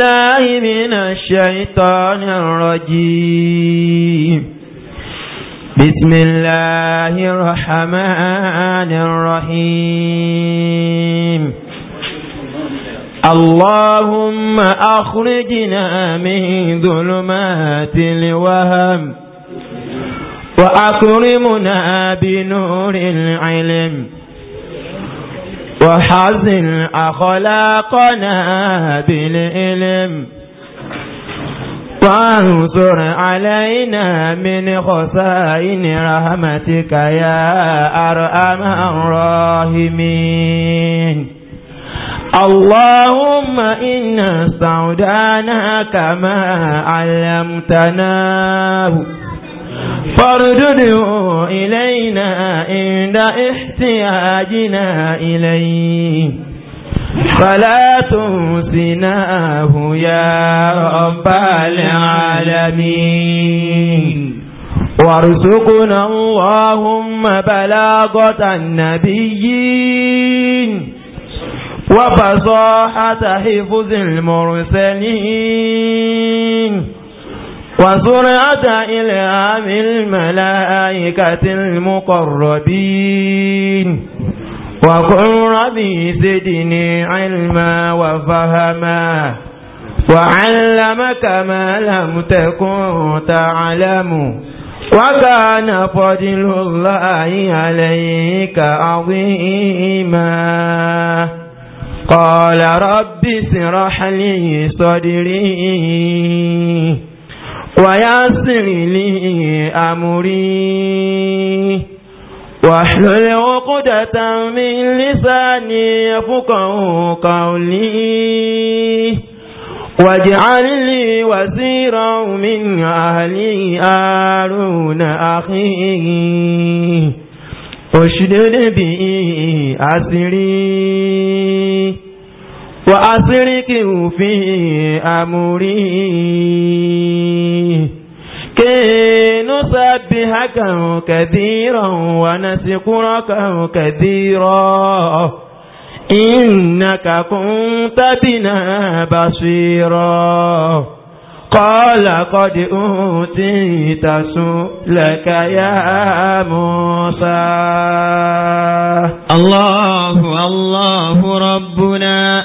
الله من الشيطان الرجيم بسم الله الرحمن الرحيم اللهم أخرجنا من ظلمات الوهم وأكرمنا بنور العلم وحزن أخلاقنا بالإلم وانصر علينا من خسائن رحمتك يا أرأم الراحمين اللهم إنا استودعناك كما علمتناه فاردده إلينا عند احتياجنا إليه فلا تنسناه يا رب العالمين وارزقنا اللهم بلاغة النبيين وفصاحة حفظ المرسلين وسرعة إلهام الملائكة المقربين وقل ربي زدني علما وفهما وعلمك ما لم تكن تعلم وكان فضل الله عليك عظيما قال رب اسرح لي صدري ويسر لي أمري واحلل عقدة من لساني يفقه قولي واجعل لي وزيرا من أهلي هارون أخي اشدد به أسري وأشركه في أمري كي نسبحك كثيرا ونسقرك كثيرا إنك كنت بنا بصيرا قال قد أوتيت سؤلك يا موسى الله الله ربنا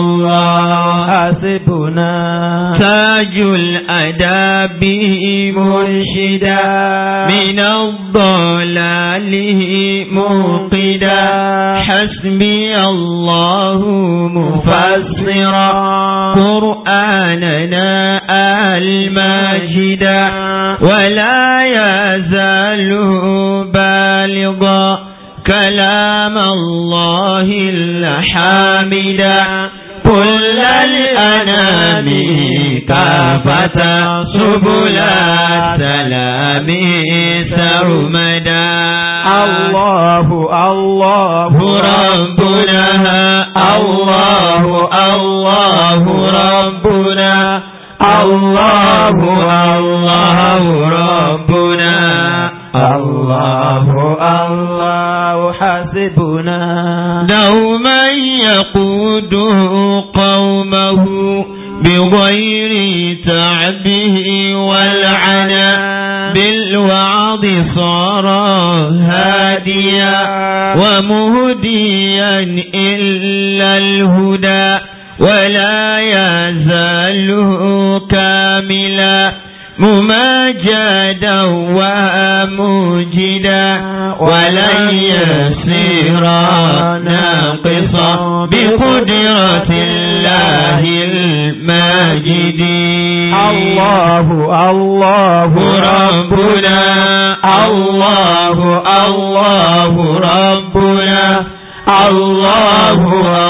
الله حسبنا تاج الأداب مرشدا من الضلال موقدا حسبي الله مفسرا قرآننا الماجدا ولا يزال بالغا كلام الله الحامدا كل الأنام كافة سبل السلام سرمدا الله الله ربنا الله الله ربنا الله الله ربنا الله الله بغير تعبه والعنى بالوعظ صار هاديا ومهديا إلا الهدى ولا يزال كاملا مماجدا ومجدا ولن يسير ناقصا بقدرة الله الماجد الله الله ربنا الله الله ربنا الله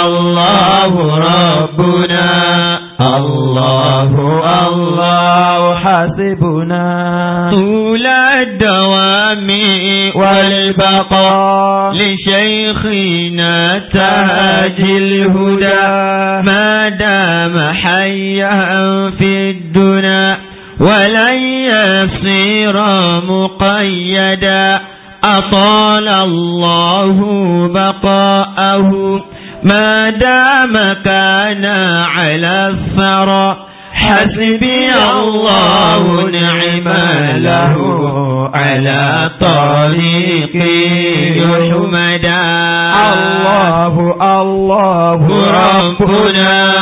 الله ربنا الله الله حسبنا طول الدوام والبقاء لشيخنا تاج الهدى ما دام حيا في الدنا ولن يصير مقيدا أطال الله بقاءه ما دام كان على الثرى حسبي الله نعم له على طريقي يحمدا الله الله ربنا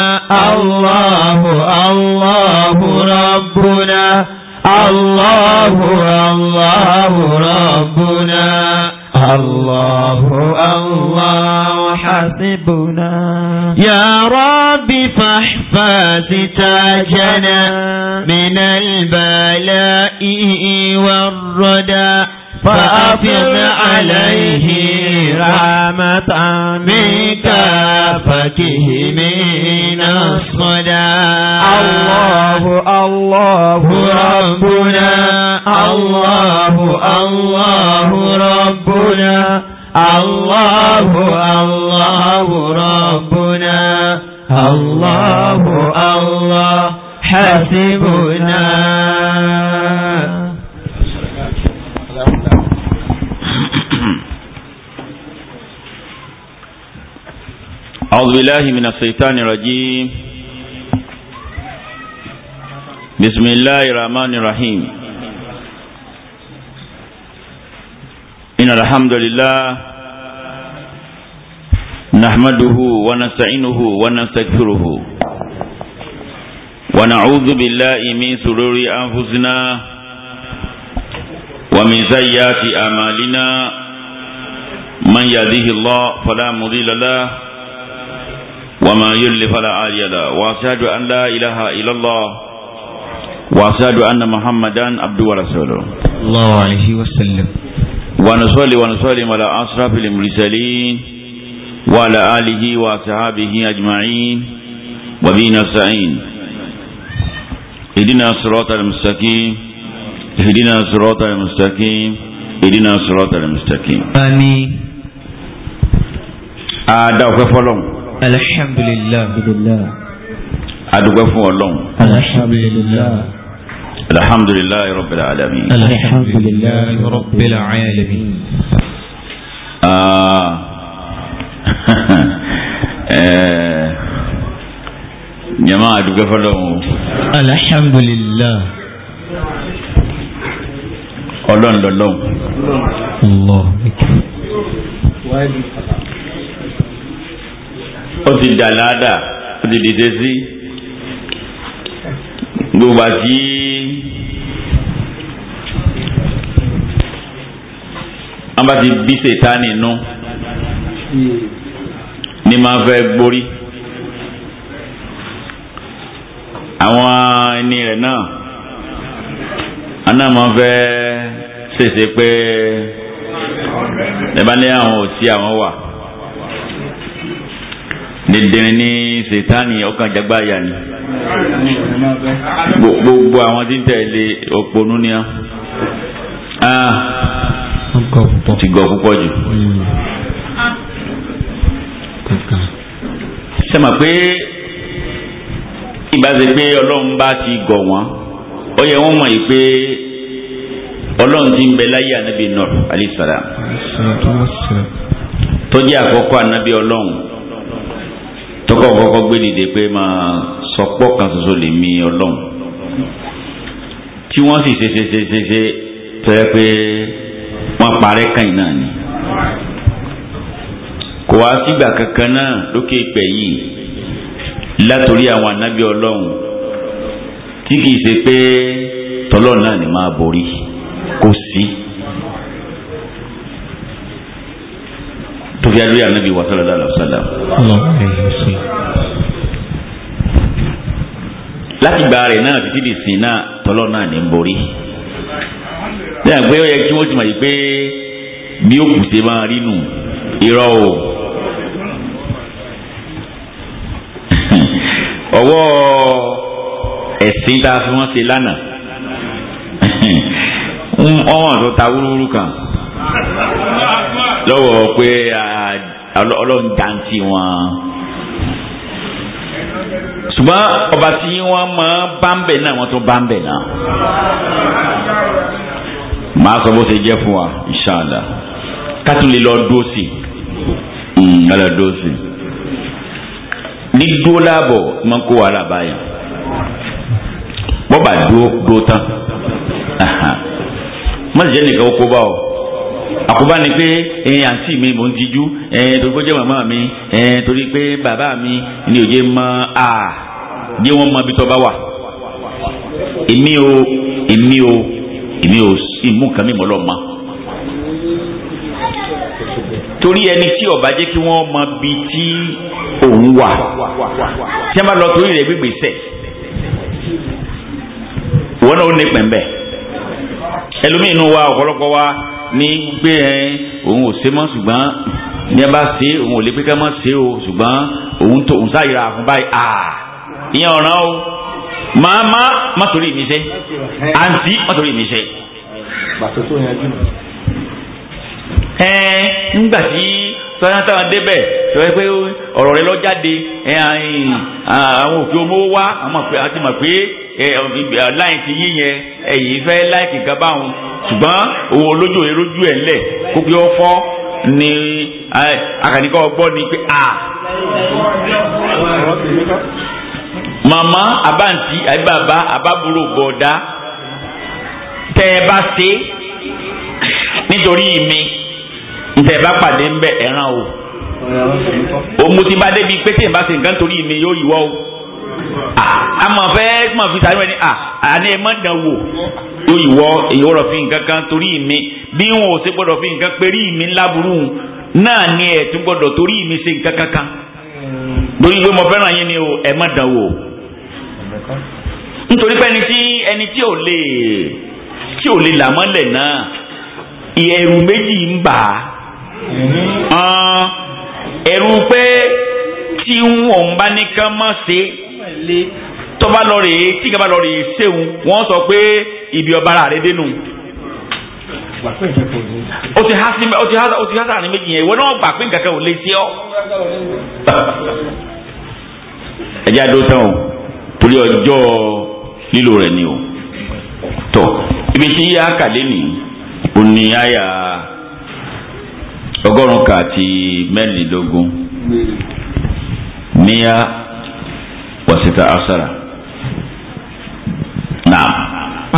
الله الله ربنا يا رب فاحفظ تاجنا من البلاء والردى فأفض عليه رحمة منك فكه من الصدى الله الله ربنا الله الله ربنا الله الله ربنا الله الله حسبنا أعوذ بالله من الشيطان الرجيم بسم الله الرحمن الرحيم إن الحمد لله نحمده ونستعينه ونستغفره ونعوذ بالله من سرور أنفسنا ومن سيئات أعمالنا من يهده الله فلا مضل له وما يضل فلا هادي له وأشهد أن لا إله إلا الله وأشهد أن محمدا عبده ورسوله الله عليه وسلم ونصلي ونسلم على أشرف المرسلين وعلى آله وأصحابه أجمعين وبين سعين اهدنا الصراط المستقيم اهدنا الصراط المستقيم اهدنا الصراط المستقيم آمين أدعوك فلون الحمد لله الحمد لله فلون الحمد لله الحمد لله رب العالمين الحمد لله رب العالمين آه Eh, jama àdúgbò fọlọ́wọ́. alhamdulilah. ọlọ́run lọ́lọ́run. Allah. ó ti dà ládàá ó ti dìde sí gbogbo àti. wọn bá ti bí sèta nínú ní máa fẹ́ gborí àwọn ẹni rẹ̀ náà aná máa fẹ́ ṣèṣe pé lẹ́bàálẹ́ àwọn ò sí àwọn wà dìndìnrín ní sètáàní ọkàn jágbáyà ni gbogbo àwọn tí ń tẹ̀lé òpònú ni á ah, ti gọ̀ púpọ̀ jù. Mm. sẹ́mọ̀ pé ìbáṣe pé ọlọ́run bá ti gọ̀ wọ́n ó yẹ wọ́n mọ̀ yìí pé ọlọ́run ti ń bẹ láyé ànábì Nuh alayhi salam tó jẹ́ àkọ́kọ́ ànábì ọlọ́run tọkọ̀ kọ́kọ́ gbé dìde pé máa sọpọ́ kan ṣoṣo lè mi ọlọ́run tí wọ́n sì ṣe ṣe ṣe ṣe ṣe tọ́ yẹ pé wọ́n parẹ́ kàn náà ni wá sígbà kankan náà lókè ìpè yìí látòrí àwọn ànábì ọlọ́run tí kìí ṣe pé tọ́lọ́run náà ni máa borí kò sí. tó fi adúlé ànábì wa sálàlá àlàsálà. láti gba rẹ̀ náà títí di sin náà tọ́lọ́run náà ni ń borí. lẹ́yìn àgbẹ̀ ó yẹ kí wọ́n ti mọ̀ yìí pé bí ó máa rí nù irọ́ o. ọwọ́ ẹ̀sìn tá a fi wọ́n ṣe lánàá ọmọ tó ta wúrúwúrú kan lọ́wọ́ pé ọlọ́run dantí wọn ṣùgbọ́n ọba tí wọ́n máa bá ń bẹ̀ náà wọ́n tún bá ń bẹ̀ náà màá sọ bó ṣe jẹ́ fún wa inṣàlá ká tún lè lọ dóòsì hmm, lọ dóòsì ní dúró láàbọ̀ ní máa ń kó wàhálà báyà bọ́bà dúró dúró tán má sì jẹ́ nìkan kó bá ọ àkóbá ni pé ẹ̀ẹ́n àǹtí mi mò ń tijú ẹ̀ẹ́n torí pé jẹ́ màmá mi ẹ̀ẹ́n torí pé bàbá mi ni òye mọ à jẹ́ wọ́n mọ ibi tó bá wà èmi o èmi o èmi o ìmú nǹkan mi mọ́ lọ́ọ́ torí ẹni tí ọba jẹ́ kí wọ́n mọ bi tí òun wà tí a bá lọ torí rẹ̀ gbégbé sẹ̀ wọ́n náà ó ní pẹ̀mbẹ́ ẹlòmíì inú wa ọ̀pọ̀lọpọ̀ wa ní gbé ẹ òun ò ṣe mọ́ ṣùgbọ́n ní ẹ bá ṣe òun ò lè pé ká mọ́ ṣe o ṣùgbọ́n òun tó òun sáyìí ra àfún báyìí à ìyẹn ọ̀ràn o màmá má torí mi ṣe àǹtí má torí mi ṣe. bàtò tó yanjú. ẹ nígbà tí sọ́yà táwọn débẹ̀ sọ́yà pé ọ̀rọ̀ rẹ lọ́jáde àwọn òkè ọmọ wa àti mọ̀ pé láìkì yín yẹn ẹ̀yìn fẹ́ láìkì kan báwọn ṣùgbọ́n òun olójú rẹ lójú ẹ̀ ńlẹ̀ kó pé ó fọ́ ni àkànníkọ́ ọgbọ́n ni pé a màmá àbáǹtí àbíbàbá àbábúrò gbọ̀ọ̀dá tẹ́ ẹ bá ṣe nítorí mi ntẹ bá pàdé ń ẹran o òmùtí bá débi pé tí n bá ṣe nǹkan torí mi yóò yíwọ́ o àmọ́ fẹ́ mọ̀ fi sàánú ẹni à àní ẹ má dàn wò yóò yíwọ́ èyí ó fi nǹkan kan torí mi bí wọn ò ṣe gbọ́dọ̀ fi nǹkan perí mi láburú náà ni ẹ̀ tún gbọ́dọ̀ torí mi ṣe nǹkan kankan lórí pé mo fẹ́ràn yín ni o ẹ má dàn wò nítorí pé ẹni tí ẹni tí ò lè tí ò lè làmọ́lẹ̀ náà ẹ̀rù méjì ń bà á Ah, ẹ̀rù pé tí wọn bá ní ká má ṣe tọ́ba lọ rèé tí ìjọba lọ rèé ṣéun wọ́n sọ pé ibi ọba ara rẹ dénú. o ti há sí o ti há o ti há sára ní méjì yẹn ìwọ náà gbà pé nǹkan kan ò lè ṣe ọ́. ẹ jẹ́ àdó tán o torí ọjọ́ lílo rẹ̀ ni o tọ́ ibi tí yíyá kàlẹ́ nìyí ó ní àyà ọgọ́rùn-ún kan àti mẹ́rìndínlógún níyà wàsíta asara. Naam.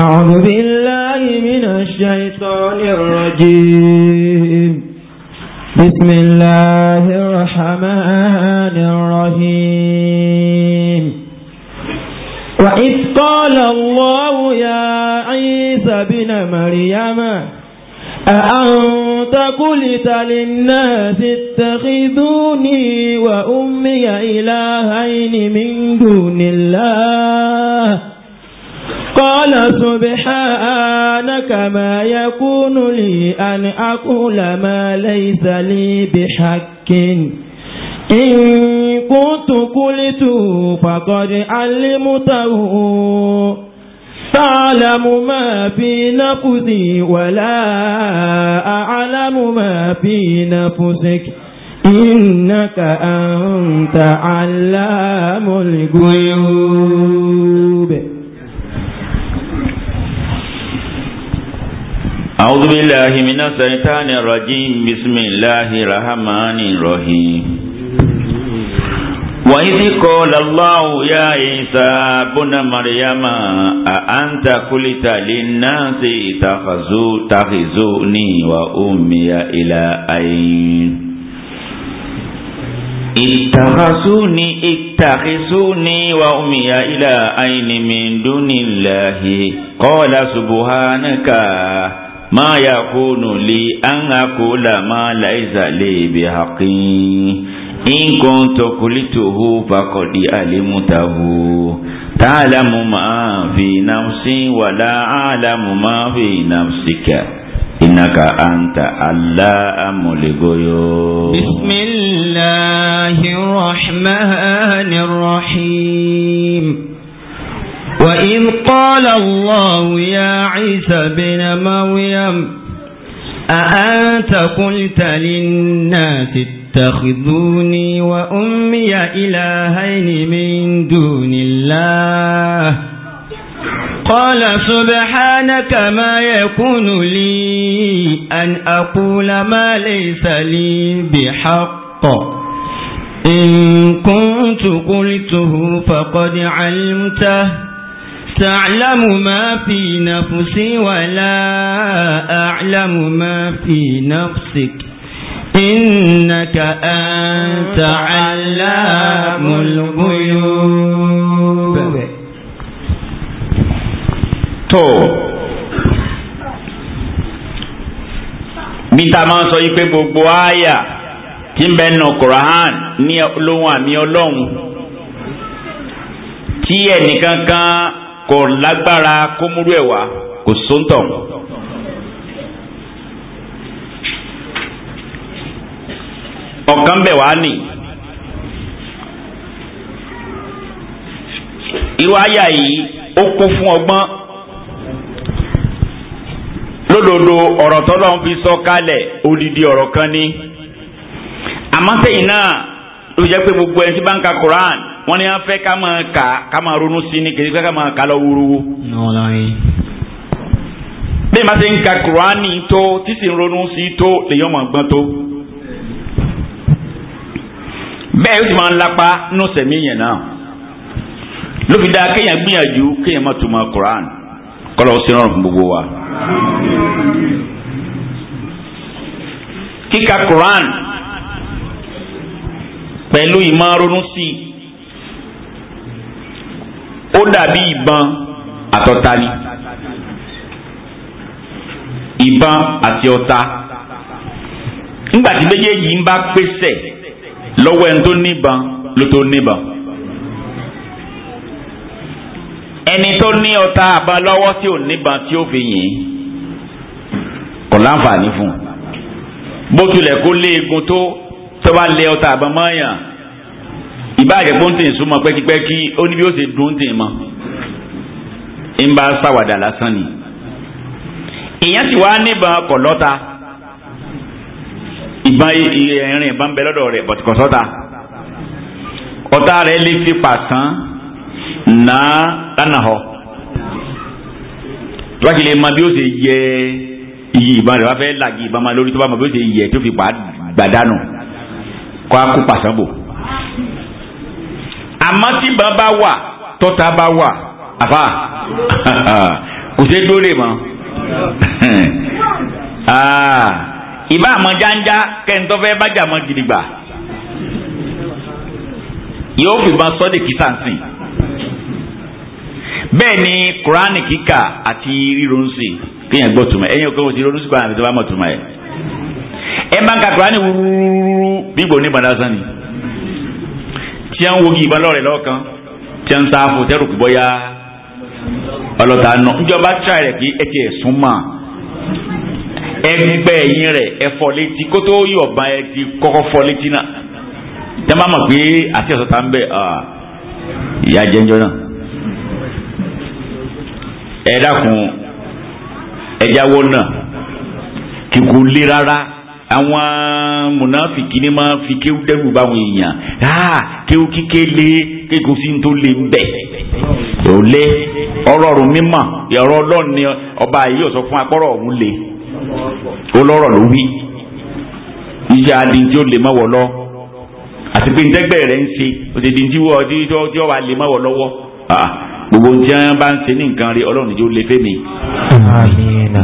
A'udhu billahi minash shaitanir rajim. Bismillahir rahmanir rahim. Wa idh qala Allahu ya Isa bin Maryama. أأنت تقلت قلت للناس اتخذوني وأمي إلهين من دون الله قال سبحانك ما يكون لي أن أقول ما ليس لي بحق إن كنت قلت فقد علمته تعلم ما في نفسي ولا أعلم ما في نفسك إنك أنت علام الغيوب أعوذ بالله من الشيطان الرجيم بسم الله الرحمن الرحيم وإذ قال الله يا عيسى بن مريم أأنت قلت للناس تخزوني وأمي إلى أين اتخذوني اتخذوني وأمي إلى أين من دون الله قال سبحانك ما يكون لي أن أقول ما ليس لي بحقي إن كنت قلته فقد علمته تعلم ما في نفسي ولا أعلم ما في نفسك إنك أنت علام الغيوب بسم الله الرحمن الرحيم وإذ قال الله يا عيسى بن مريم أأنت قلت للناس اتخذوني وأمي إلهين من دون الله قال سبحانك ما يكون لي أن أقول ما ليس لي بحق إن كنت قلته فقد علمته تعلم ما في نفسي ولا أعلم ما في نفسك إنك أنت علام الغيوب tó bíta máa sọ yìí pé gbogbo àyà tí ń bẹ nù Quran ní olóhùn àmì ọlọ́run tí ẹnìkankan kò lágbára kó múrú ẹ̀wà kò sóńtọ̀. ọ̀kan bẹ̀ wá nì. irú àyà yìí ó kún fún ọgbọ́n lódodo ọ̀rọ̀ tọ́lọ́run fi sọ kálẹ̀ odidi ọ̀rọ̀ kan ní. àmọ́ sẹ́yìn náà ló jẹ́ pé gbogbo ẹni tí bá ń ka wọ́n ní wọ́n fẹ́ ká máa kà ká máa ronú sí ni kì í fẹ́ ká máa kà lọ wúruwú. bí màá ṣe ń ka kuraani tó tí sì ń ronú sí tó lèyàn máa gbọ́n tó. bẹ́ẹ̀ ó sì máa ń lapa nù sẹ̀mí yẹn náà ló fi dáa kéèyàn gbìyànjú kéèyàn má túmọ̀ kuraani kọ́lọ́ ó sì fún gbogbo wa. kíka kuraani pẹ̀lú ìmọ̀ ronú sí i ó dàbí ìbọn àtọ́ta ni ìbọn àti ọta nígbàtí méjèèjì ń bá pèsè lọ́wọ́ ẹni tó níbọn ló tó níbọn ẹni tó ní ọta àbá lọ́wọ́ tí ò níbọn tí ó fi yìn kò láǹfààní fún un bó tilẹ̀ kó lé egun tó tó bá lé ọta àbá mọ́yàn ìbáàjẹ́ pé ó ń tẹ̀ súnmọ́ pẹ́kípẹ́kí ó ní bí ó ṣe dùn tẹ̀ mọ́ ń bá ṣàwàdà lásán ni ìyẹn sì wá níbọn ọkọ̀ lọ́ta ìbọn ìrìn ìbọn bẹ lọ́dọ̀ rẹ̀ bọ̀tìkọ̀ sọ́ta ọ̀tá rẹ̀ lè fi pàṣán náà lánàá họ tó lè mọ bí ó ṣe yẹ iye ìbọn rẹ̀ wá fẹ́ làgì ìbọn máa lórí tó bá mọ bí ó ṣe yẹ tó fi pa gbàdánù kó a kó pàṣán bò àmọ́ tí bá bá wà tọ́ta bá wà àfà kò sí dóòlè mọ́ ah. ìbá àmọ́ jáńjá kẹ́ńtọ́ fẹ́ bájà mọ́ gidigba yóò fi ma sọ́ de kìtà sìn bẹ́ẹ̀ ni kuraani kíkà àti ríronúsì kéèyàn gbọ́ tuma ẹ̀yin òkè wò ti ríronúsì kuraani àti tó bá mọ̀ tuma yẹ ẹ̀ máa ń ka kuraani wúrúwúrú bí ní gbàdásán ni. tí a ń wogi ìbọn lọ́rẹ̀ lọ́kàn tí a ń ya tẹ́rù kú bọ́yá ọlọ́ta nù ìjọba tíra rẹ̀ pé ẹ ti ẹ̀ sún mà ẹgbẹ́ rẹ̀ ẹ fọ létí kó tó yọ ọba ẹ ti kọ́kọ́ létí náà tẹ́ mọ̀ pé àti ń bẹ̀ ìyá jẹ́njọ́ náà ẹ dákun ẹ jáwọ́ náà kíkú lé rárá. àwọn mùnàfìkì ni máa fi kéwú dẹ́rù báwọn èèyàn aa ah, kéwú kíkéle kéko sí tó lè ń bẹ̀ tó lé ọ̀rọ̀ ọ̀rùn mímọ̀ ọ̀rọ̀ ọlọ́run ni ọba yìí yóò sọ fún akọ́rọ̀ ọ̀hún lé olọ́rọ̀ ló wí ìyá adìntí ó lè má wọ̀ lọ àti pé ntẹ́gbẹ́ rẹ̀ ń ṣe òtítí tí wọ́n ti wà lè má wọ̀ lọ́wọ́ ah, gbogbo ntí wọn bá ń ṣe ní nǹkan rí ọlọ́run ìjọ lè fẹ́ mi.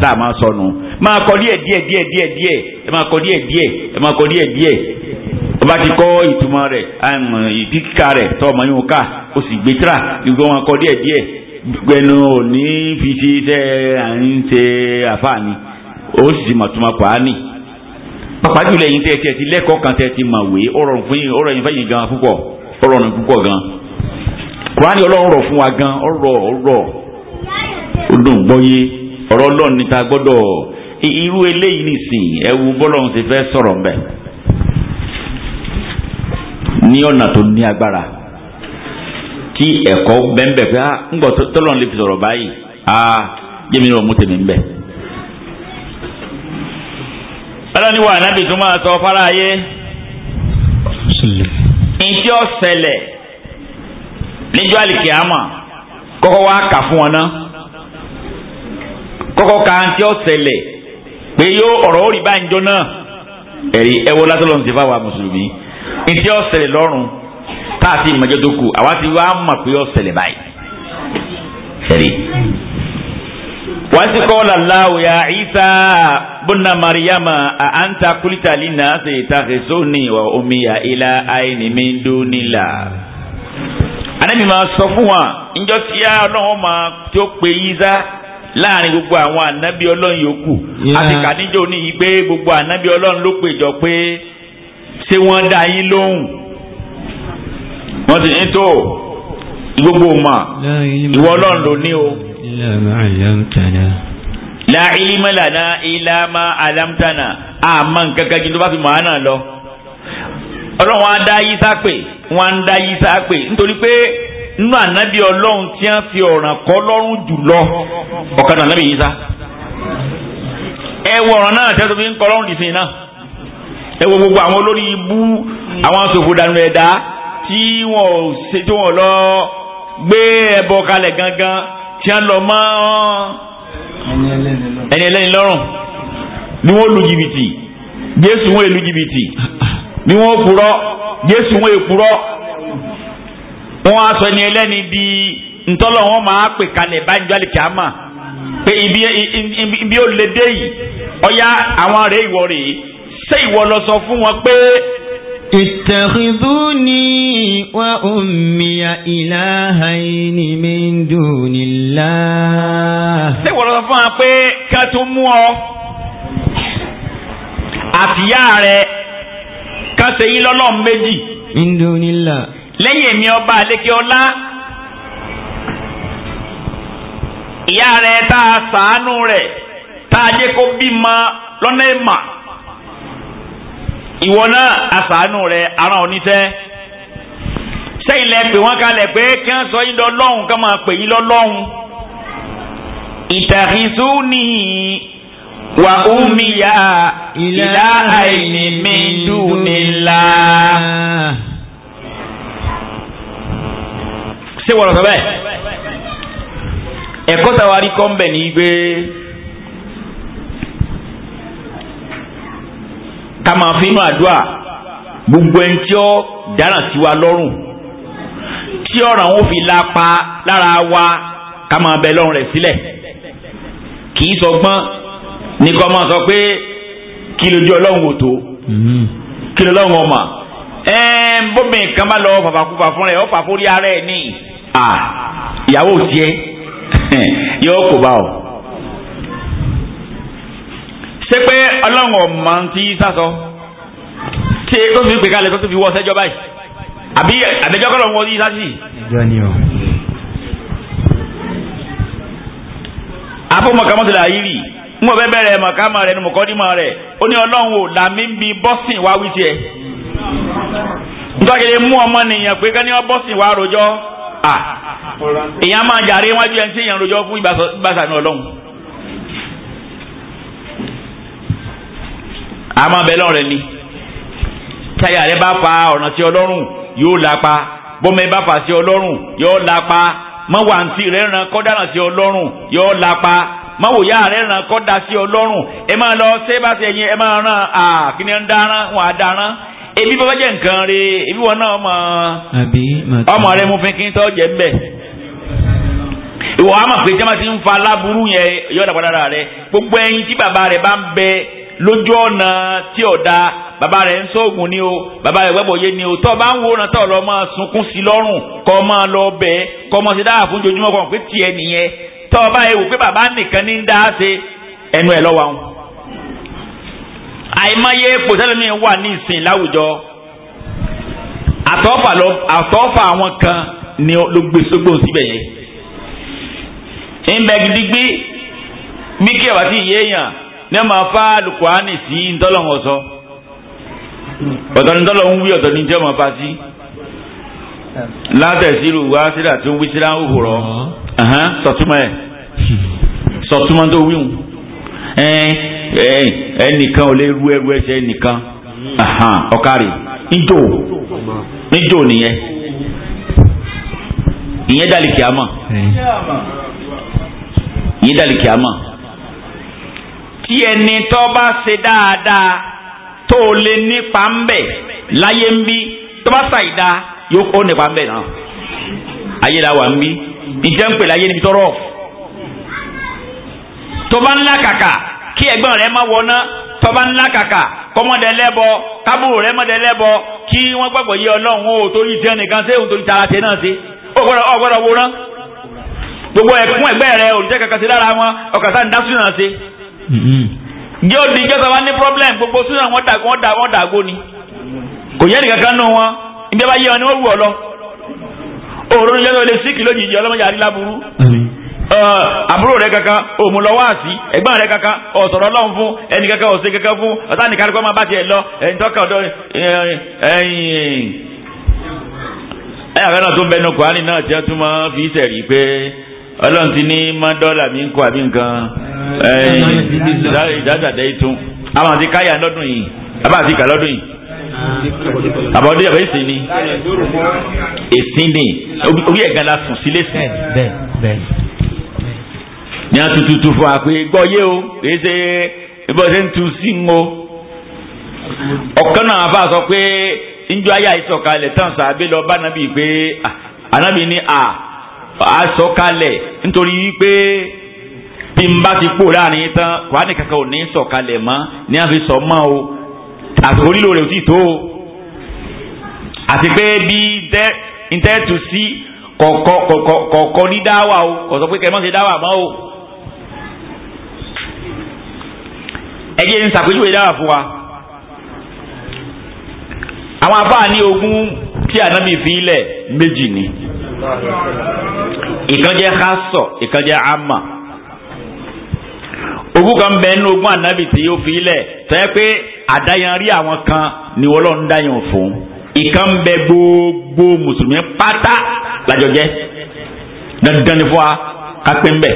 tá a máa sọnù máa kọ díẹ̀ díẹ̀ díẹ̀ díẹ̀ díẹ̀ ẹ máa kọ díẹ̀ díẹ̀ ẹ máa kọ díẹ̀ díẹ̀ ọba ti kọ́ ìtumọ̀ rẹ̀ ìdíkà rẹ̀ tọ́ ọmọ yóò ká o sì gbé tíra gbogbo wọn kọ díẹ̀ díẹ̀ gbẹnu òní fi ti tẹ à ń ṣe àfààní o sì ti mà tuma pàání pàpà jùlọ ẹ̀yin tẹ́ ẹ ti lẹ́kọ̀ọ́ kan tẹ́ ẹ ti mà wé ọ̀rọ̀ fún yín ọ̀rọ̀ gan púpọ̀ ọ̀rọ̀ yín púpọ̀ gan. kùránì ọlọ́run rọ̀ fún wa gan ọ̀rọ̀ ọ̀rọ̀ ó ọ̀rọ̀ ọlọ́run níta gbọ́dọ̀ irú eléyìí nìsín ẹ̀wù bọ́lọ́run ti fẹ́ sọ̀rọ̀ mbẹ́ ní ọ̀nà tó ní agbára tí ẹ̀kọ́ bẹ́ńbẹ́ pé ah, ńgbọ́ tọ́lọ́run lè fi sọ̀rọ̀ báyìí á ah, jẹ́mi náà mú tèmi mbẹ́. wà níjọ́ àlìkìyàmà kọ́kọ́ wá kà fún wọn náà kọ́kọ́ ka ti ọ̀ ṣẹlẹ̀ pé yóò ọ̀rọ̀ ó rí báńjọ náà ẹ̀rí ẹ̀wọ́ látọ̀lọ́ ti fáwọn mùsùlùmí ìtí ọ̀ ṣẹlẹ̀ lọ́rùn káàtì ìmọ̀jọ́ kù àwa ti wá mọ̀ pé ọ̀ báyìí wọ́n ti kọ́ làláwò ya Isa bùnà Mariama àǹtà kúlítàlì náà ṣe ìtàkì sóni wà omi ya ilá àìní mi dúnilà anabi máa sọ fún wa njọ tí a ọlọ́run máa tí ó pe yín sá láàrin gbogbo àwọn anabi ọlọ́run yòókù àti kàníjọ ní yìí pé gbogbo anabi ọlọ́run ló péjọ pé ṣé wọ́n dá yín lóhùn wọ́n ti ń tó gbogbo mà ìwọ ọlọ́run ló ní o. la ilima lana ila ma alamtana a man kankan jí tó bá fi mọ̀ lọ ọlọ́run á dá yín sá pé. wọ́n á ń dá yísà pè nítorí pé nínú ànábì ọlọ́run tí wọ́n fi ọ̀ràn kọ́ lọ́rùn jùlọ ọ̀kadà ànábì yísà ẹ wo ọ̀ràn náà tí wọ́n fi ń kọ́ lọ́rùn dìsìn náà gbogbo àwọn olórí ibú àwọn asòfò dànù ẹ̀dá tí wọ́n ò ṣe tí wọ́n lọ gbé ẹbọ kalẹ̀ gangan tí wọ́n lọ mọ́ ẹni ẹlẹ́ni lọ́rùn ni wọ́n lu jìbìtì Jésù wọ́n lu jìbìtì Ni wọ́n purọ́ jésù wọn èpurọ́ wọn á sọ ní ẹlẹ́ni di ntọ́lọ̀ wọn máa pè kalẹ̀ báyìí jọ́lẹ̀ kí a mà pé ibi ibi ó lè yìí ọ̀ya àwọn rẹ̀ ìwọ rèé ṣé ìwọ lọ sọ fún wọn pé. اتخذوني وأمي إلهين من دون الله ṣé ìwọ lọ sọ fún wọn pé ká tún mú ọ àtìyá rẹ̀ kan ṣe yín lọ́lọ́run méjì. indonila. lẹ́yìn èmi ọba àlékè ọlá ìyá rẹ̀ tá a sàánú rẹ̀ tá a jẹ́ kó bímọ lọ́nà ìmọ̀ ìwọ náà àsàánú rẹ̀ ara oníṣẹ́ sẹ́yìn lẹ pè wọ́n kalẹ̀ pé kí wọ́n sọ yín lọ́lọ́run kí wọ́n máa pè yín lọ́lọ́run ìtàkìsú nìyí wà ummiya ìlà àìní min dunillah. ṣé wọ́n lọ sọ bẹ́ẹ̀ ẹ̀kọ́ táwa rí kọ́ ń bẹ̀ ní gbé. ká máa fi inú àdúrà gbogbo ẹni tí ó dáràn sí wa lọ́rùn tí ọ̀ràn ó fi lápa lára wa ká máa bẹ lọ́rùn rẹ̀ sílẹ̀ kì í sọgbọ́n ní kọ́ máa sọ pé kí lójú ọlọ́run wò tó mm-hmm. kí lójú ọlọ́run ọmọ bómi kan bá lọ fàfàkùfà fún rẹ̀ ó fà fórí ara ẹ̀ ní ìyàwó tiẹ̀ yóò kó bá ọ. ṣé pé ọlọ́run ọmọ ti sásọ ṣé tó fi pè kalẹ̀ tó fi wọ́ sẹ́jọ́ báyìí àbí àbẹ̀jọ́ kọ́ lọ́run wọ́n ti sásì. àbọ̀mọ̀ kàmọ́tò là yìí rí. n kò fẹ́ bẹ̀rẹ̀ mọ̀kámà rẹ̀ mọ̀kọ́dímọ̀ rẹ̀ ó ní ọlọ́run ò la ń bi bọ́sìn wá wí tiẹ̀. nítorí mú ọmọ nìyẹn pé kẹ́ni ọ bọ́sìn wá rojọ́ à èèyàn máa jàre wájú ẹni tí èèyàn rojọ́ fún ìbáṣà ní ọlọ́run. lọ́rẹ̀ ni táyà fa ọ̀nà ọlọ́run yóò lápa bọ́mọ bá sí ọlọ́run yóò lápa má wò yá rẹ̀ ràn kọ́ da sí ọlọ́run ẹ máa lọ ṣé bá ṣe yẹn ẹ máa ràn á kí ni ẹ ń dáná wọn á dáná ebi bàbá jẹ́ nǹkan re ebi wọn náà ọmọ ọmọ rẹ mo fi kí n tọ́ jẹ́ mbẹ́ ìwọ àmà pé jẹ́mà ti ń fa aláburú yẹn yọ̀dà padà rẹ gbogbo ẹyin tí bàbá rẹ bá ń bẹ lójú ọ̀nà tí ọ̀dà bàbá rẹ̀ ń sóògùn ni o bàbá rẹ̀ wẹ́bọ̀ yé ni o tọ́ bá ń wo ọ̀nà tọ́ lọ máa sunkún sí lọ́rùn kọ́ máa lọ bẹ̀ kọ́ máa ṣe dáhà fún jojúmọ́ kan pé tiẹ̀ nìyẹn tọ́ ọba ewu pé bàbá nìkan ní dá ṣe ẹnu ẹ̀ lọ́wọ́ àwọn. àìmọye epo sẹ́lẹ̀mí wà ní ìsìn láwùjọ àtọ́fà àwọn kan ni ló gbé síbẹ̀ yẹn. gidigbi yéèyàn ní ọmọ afá alukwani sí ntọ́lọ́hún ọ̀sọ́ ọ̀tọ̀ ntọ́lọ́hún wí ni jẹ́ ọmọ afá sí látẹ̀síru wá sọtúmọ̀ ẹ̀ tó ẹnìkan ò lè ru ẹrù ẹsẹ̀ ẹnìkan ọ̀kárì níjò níjò nìyẹn ìyẹn dàlí kìámà ìyẹn dàlí kìámà tí ẹni tó bá ṣe dáadáa tó lè nípa ń láyé ń bí tó bá ṣàìdá yóò kó nípa ń ìjẹ́ ń pè láyé níbi tọ́rọ̀ tọba ńlá kàkà kí ẹ̀gbọ́n rẹ má wọná tọba ńlá kàkà kọ́mọdé lẹ́bọ kábùrò rẹ mọ́dé lẹ́bọ kí wọ́n gbàgbọ́ yé ọlọ́run ó torí tiẹ̀ nìkan ṣé òun torí tara tẹ náà ṣe ó gbọ́dọ̀ wòran gbogbo ẹ̀kún ẹ̀gbẹ́ rẹ olùjẹ́ kankan ṣe lára wọn ọkà sáà ń dá súnà ṣe yóò di ìjọba wa ní problem gbogbo súnà wọn dàgbò wọn dàgbò ni kò yẹ nìkan kan nù wọn ìjọba yé wọn ni wọ́n wù ọ lọ òòrùn jẹ́ lọ́lẹ̀ síkì lójijì ọlọ́mọdé àrílá burú àbúrò rẹ kankan òmù lọ wáàsí ẹ̀gbọ́n rẹ kankan ọsọrọ lọhùn fún ẹnì kankan ọsẹ kankan fún ọtá nìkan kọ́ máa bá tiẹ̀ lọ ẹ̀yìn tọ́ka ọ̀dọ́ ẹ̀yìn ẹ̀yàwó náà tó ń bẹnu kwari náà tí wọ́n tún máa fi sẹ̀rí pé ọlọ́run ti ní má dọ́là mi ń kọ́ àbí nǹkan ẹ̀yìn ìdádàdẹ́ ìtún àwọn àti káyà lọ́dún yìí àbá àti kà lọ́dún yìí àbọ̀dé ọ̀rẹ́ èsì ni èsì ni orí ẹ̀gá la sùn sílé sùn. ní a tututu fún wa pé gbọ́ yé o èyí ṣe ìbọ̀dé ń tu sí ń o ọ̀kan náà àfa sọ pé njọ ayé àìsọ̀kalẹ̀ tán sàbẹ̀ lọ bá nàbì pé ah, ànábì ní ah, a àsọ̀kalẹ̀ nítorí wípé bí n bá ti kó láàrin tán kò á ní kankan ò ní sọ̀kalẹ̀ mọ́ ní a sọ mọ́ o àsìkò lílo rẹ̀ ò tí tó o àti pé bí ntẹ́tù sí kọ̀ọ̀kọ̀ ní dáwà o kò sọ pé kẹ́ ṣe dáwà mọ́ o. ẹ jẹ́ ní sàpèjúwe dáwà fún wa àwọn afáà ní ogún tí ànábì fi ilẹ̀ méjì ni ìkan jẹ́ hasọ ìkan ama ogún kan bẹ nínú ogún ànábì tí yóò fi ilẹ̀ tẹ́ pé àdáyanrí àwọn kan ni wọ́n lọ́n dáyàn fún ìkan bẹ gbogbo mùsùlùmí pátá lájọ jẹ dandan ni fún wa ká pé ń bẹ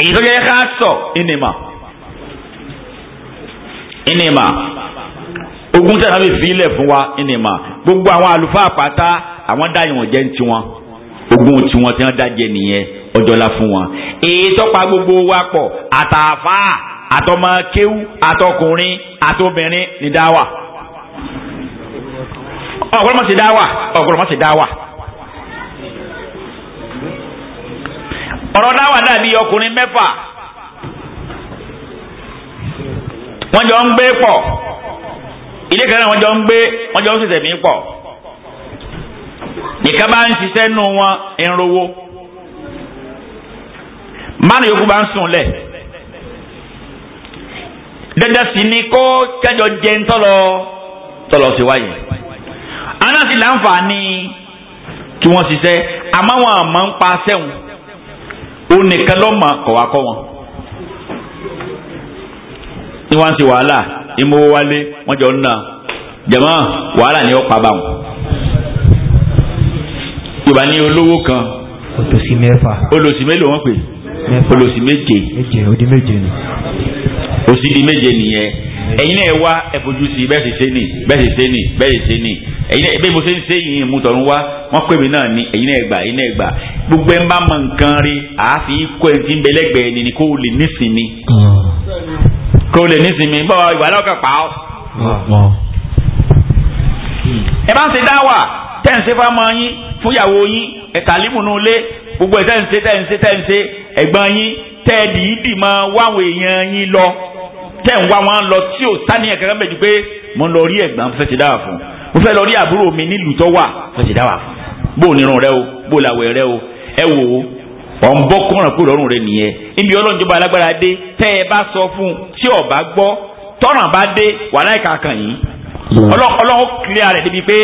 èyí tó yẹ ká sọ ìnìmọ ìnìmọ ogun tí a fi filẹ̀ fún wa ìnìmọ gbogbo àwọn àlùfáà pátá àwọn dáyàn jẹ́ ń tiwọn ogun tiwọn tí wọ́n dá jẹ nìyẹn ọjọ́lá fún wọn èyí tó pa gbogbo wa pọ̀ àtàfáà àtọmọ kéwú àtọkùnrin àtobìnrin ní dáwà ọ̀gbọ́n má ṣe dáwà ọ̀gbọ́n má ṣe dáwà. ọ̀rọ̀ dáwà dàbí ọkùnrin mẹ́fà wọ́n jọ ń gbé pọ̀ ilé kan náà wọ́n jọ ń gbé wọ́n jọ ń ṣẹ̀ṣẹ̀ mí pọ̀ nìkan bá ń ṣiṣẹ́ nù wọn ń rówó márùn yòókù bá ń sùn lẹ̀ dandan sì ni kó kẹjọ jẹ ńtọ́lọ tọ́lọ sí wáyé anáàsì láǹfààní kí wọ́n ṣiṣẹ́ àmọ́ wọn àmọ́ ń pa sẹ́wọ̀n òun nìkan ló mọ̀ kọ̀wá kọ́ wọn. ní wọ́n ń wàhálà ìmọ̀wó wálé wọ́n jọ ń nà jẹ̀mọ́ wàhálà ni ó pa bá wọn. yorùbá ní olówó kan olòṣì mẹ́fà olòṣì mélòó wọ́n pè olòṣì méje méje ó méje ni ó sì di méje nìyẹn mm. ẹ̀yin náà wá ẹ̀fojú sí bẹ́ẹ̀ sì ṣe nì bẹ́ẹ̀ sì ṣe nì bẹ́ẹ̀ sì ṣe nì ẹ̀yin náà bẹ́ẹ̀ mo ṣe ń ṣe yìnyín mu tọ̀run wá wọ́n pè mí náà ní ẹ̀yin náà gbà ẹ̀yin náà gbà gbogbo ẹ̀ bá mọ nǹkan rí àáfi kó ẹ̀ ti ń bẹ̀lẹ́gbẹ̀ẹ́ ni kó o lè nísìnyí mm. kó o lè nísìnyí bọ́ ìwà lọ́kàn pa ọ́. Mm. ẹ bá ń ṣe dáwà tẹ́ ń ṣe fáwọn yín fúnyàwó yín ẹ̀ka límùnú ilé gbogbo tẹ̀ ń wá wọn lọ tí ò sani ẹ̀ kankan bẹ̀ ju pé mo lọ rí ẹ̀gbọ́n mo fẹ́ ti dáwà fún mo fẹ́ lọ rí àbúrò mi nílùú tó wà mo fẹ́ ti dáwà fún bó o nírun rẹ o bó o làwẹ̀ rẹ o ẹ wò ó ọ̀ ń bọ́ kọ́ràn kúrò lọ́rùn rẹ nìyẹn ibi ọlọ́njọba alágbára dé tẹ́ ẹ bá sọ fún un tí ọba gbọ́ tọ́ràn bá dé wàhálà ìka kàn yín ọlọ́run kílíà rẹ̀ débi pé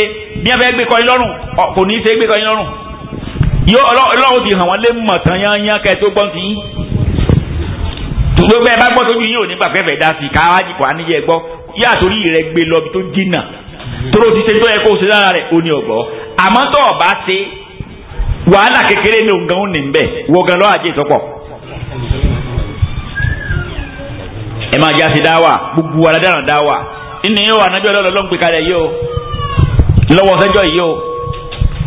bí wọ́n fẹ́ gbé kọ́yìn lọ́rùn kò ní í ṣe gbé kọ́yìn lọ́rùn yóò ọlọ́run ti hàn wọ́n lé mọ̀ tán yányán kẹ́ tó gbọ́n ti yín ló bẹ́ẹ̀ bá gbọ́ tójú yín ò ní gbà fẹ́fẹ́ dá sí i káwá jìkọ̀ àníyẹ gbọ́ yá àtòrí rẹ gbé lọ bí tó jìnnà tóró ti ṣe tó yẹ kó o ṣe lára rẹ o ní ọ̀gbọ́ àmọ́ tó o bá ṣe wàhálà kékeré ní òǹgàn òní ń bẹ̀ wọ́n gan lọ́wọ́ àjẹ́ ìtọ́pọ̀. ẹ máa jẹ́ àti dáwà gbogbo wa ládàrán dáwà nínú yóò ànájú ọlọ́run ló ń gbé kalẹ̀ yìí o lọ́wọ́ sẹ́jọ́ yìí o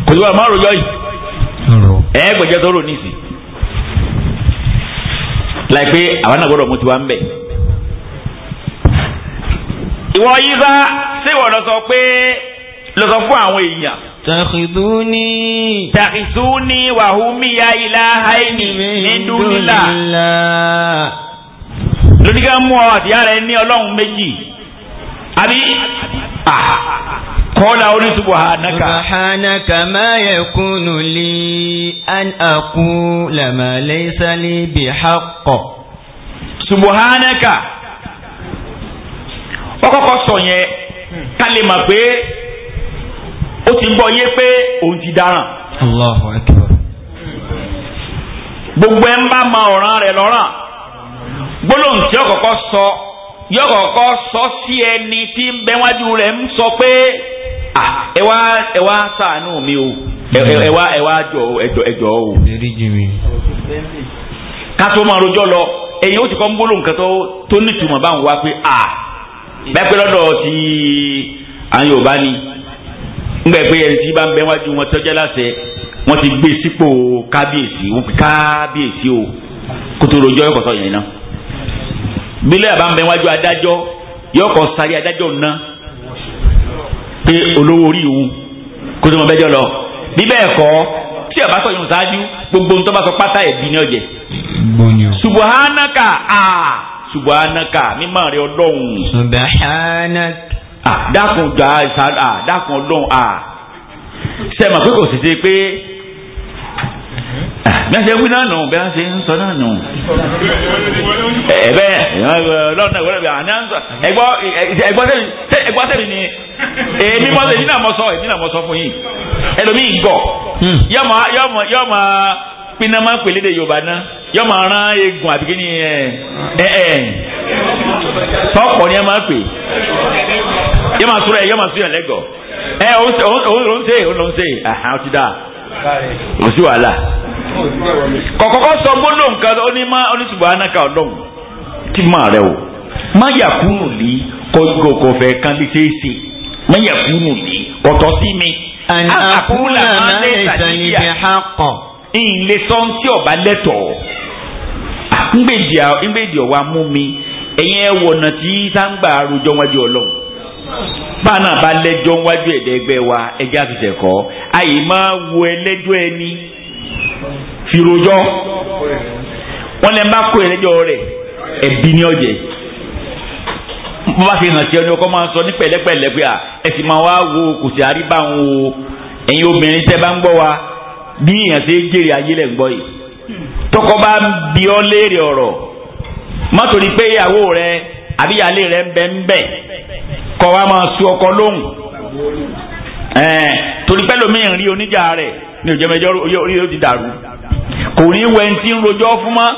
kò sí wàhálà má rojọ́ yìí ẹ tó rò nísìí láì pé àwọn náà gbọ́dọ̀ mú tiwa ń bẹ̀. ìwọ yìí sá síwọ lọ sọ pé lọ sọ fún àwọn èèyàn. Tàkìsúni. Tàkìsúni wàhúmíyá ilá haini ní dúnilá. mú ọ àti ara ẹni ọlọ́run méjì. Àbí. Ah kọ́lá orí subhanaka. subhanaka ma yakunu li an aqula ma laysa li bihaqq. subhanaka wọ́n kọ́kọ́ sọ yẹn ká lè mọ̀ pé ó ti gbọ́ yé pé òun ti dáràn. Allahu akbar. gbogbo ẹ̀ ń bá ma ọ̀ràn rẹ̀ lọ́ràn gbólóhùn tí ó kọ́kọ́ sọ. So, yóò kọ́kọ́ sọ sí ẹni tí ń bẹ wájú rẹ̀ ń sọ pé ẹ wá ẹ wá ṣàánú mi o ẹ wá ẹ wá jọ ẹjọ ẹjọ o. ká tó máa rojọ́ lọ èyí ó ti kọ́ ń bolo nǹkan tó nítumọ̀ báwọn wá pé à bẹ́ẹ̀ pé lọ́dọ̀ ti àwọn Yorùbá ni ngbẹ pé ẹni tí bá ń bẹ wájú wọn tọ́jà láṣẹ wọn ti gbé sípò kábíyèsí kábíyèsí o kótó rojọ́ ẹ̀kọ́ sọ yẹn náà bílẹ̀ àbá ń bẹ wájú adájọ́ yóò kọ́ sáré adájọ́ ná pé olówó orí òun kó tó mọ bẹ́jọ́ lọ bí bẹ́ẹ̀ kọ́ tí àbá sọ yóò ṣáájú gbogbo ohun bá sọ pátá ẹ̀bí ní ọ̀jẹ̀. subahánákà a subahánákà mímọ́ rẹ ọlọ́run. subahánákà. dákun dákun ọlọ́run a sẹ́mi àpékò sì ṣe pé. bí wí náà bí a ṣe ń sọ náà nù. ẹ̀bẹ̀ ìwé rẹ̀ àná ń sọ ni èmi na èmi náà mọ́ sọ èmi náà sọ fún yìí ẹlòmíì yọmọ yọmọ yọmọ pinna pèlè de Yorùbá náà yọmọ aràn eegun àbí ni ẹ ẹ tọpọ ni ẹ máa pè yọmọ ẹ yọmọ kọ̀kọ́kọ́ sọ bụ nǹkan onímọ̀ oníṣùgbọ́n anáka ọlọ́run tí máa rẹ o máyàkúnù lè kọjú ọkọ̀ fẹ́ kan lè ṣeé ṣe máyàkúnù lè ọ̀tọ̀ sí mi. àkúlà máa lè ṣàlìyà ìlẹ̀ sọ́ńtì ọ̀bá lẹ́tọ̀ọ́ ngbèdì ọ̀wá mú mi wọ̀nà tí sáńgbà àròjọ wájú ọlọ́run báwọn lẹ́jọ́ wájú ẹ̀dẹ́gbẹ́ wa ẹ̀jẹ̀ àyè máa ẹlẹ́jọ́ fìròjọ́ wọn lè ń bá kó ẹ̀rẹ́jọ́ rẹ̀ ẹ̀bí ní ọ̀jẹ̀ bó bá ṣe hàn sí ní ọkọ máa ń sọ ní pẹ̀lẹ́pẹ̀lẹ́ pé à ẹ sì máa wá wo kò sí àríbá ń wo ẹ̀yin obìnrin tẹ́ bá ń gbọ́ wa bí èèyàn ṣe jèrè ayé lẹ̀ ń gbọ́ yìí tọkọ bá ń bi ọ́ léèrè ọ̀rọ̀ má torí pé ìyàwó rẹ àbí ìyàlé rẹ ń bẹ ń bẹ kọ́ wa máa sú ọkọ lóhùn Eh, torí pẹ́ lómi ń rí oníjà rẹ̀ ní òjòmẹjọ orí yóò ti dàrú kò ní wẹ̀ ń tí ń rojọ́ fún mọ́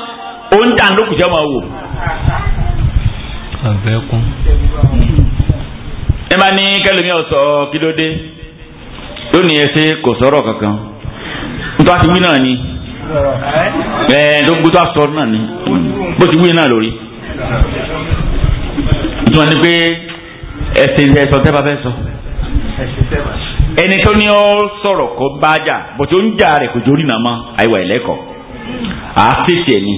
ó ń dà lókùn jẹ́ máa wò. àbẹ́kún. ẹ máa ní kẹlẹ́mi ọ̀sọ́ kí ló dé lónìí ẹsẹ̀ kò sọ̀rọ̀ kankan nítorí àti wí náà ni ẹ eh? eh, tó gbótó àsọ náà ni bó ti wí náà lórí. nítorí wọn ni pé ẹsẹ̀ ẹ̀sọ́ tẹ́ bá fẹ́ sọ. ẹni tó ní ọ sọ̀rọ̀ kó bá jà bó tó ń jà rẹ̀ kò jórí nàmọ́ àìwà ẹ̀lẹ́kọ̀ àfẹ́sì ẹni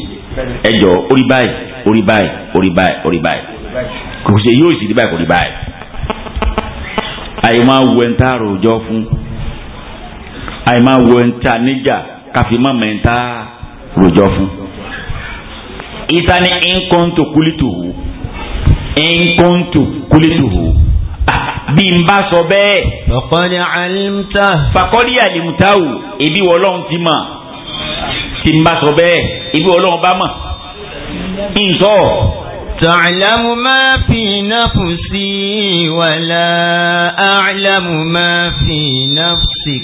ẹjọ́ orí báyìí orí báyìí orí báyìí orí báyìí kò ṣe yóò sì rí báyìí kò rí báyìí. àyè máa wo ẹ̀ńtà àròjọ fún àyè máa wo ẹ̀ńtà níjà káfí má mẹ́ńtà àròjọ fún. ìtani nkóńtò kúlítùhù nkóńtò kúlítùhù ah bí n bá sọ bẹ́ẹ̀. fàkọ́lì àlìmùtà. fàkọ́lì àlìmùtà o ebi wọlọ́run ti mọ̀ tí n bá sọ bẹ́ẹ̀ ebi wọlọ́run bá mọ̀ nǹkan. تعلم ما في نفسي ولا أعلم ما في نفسك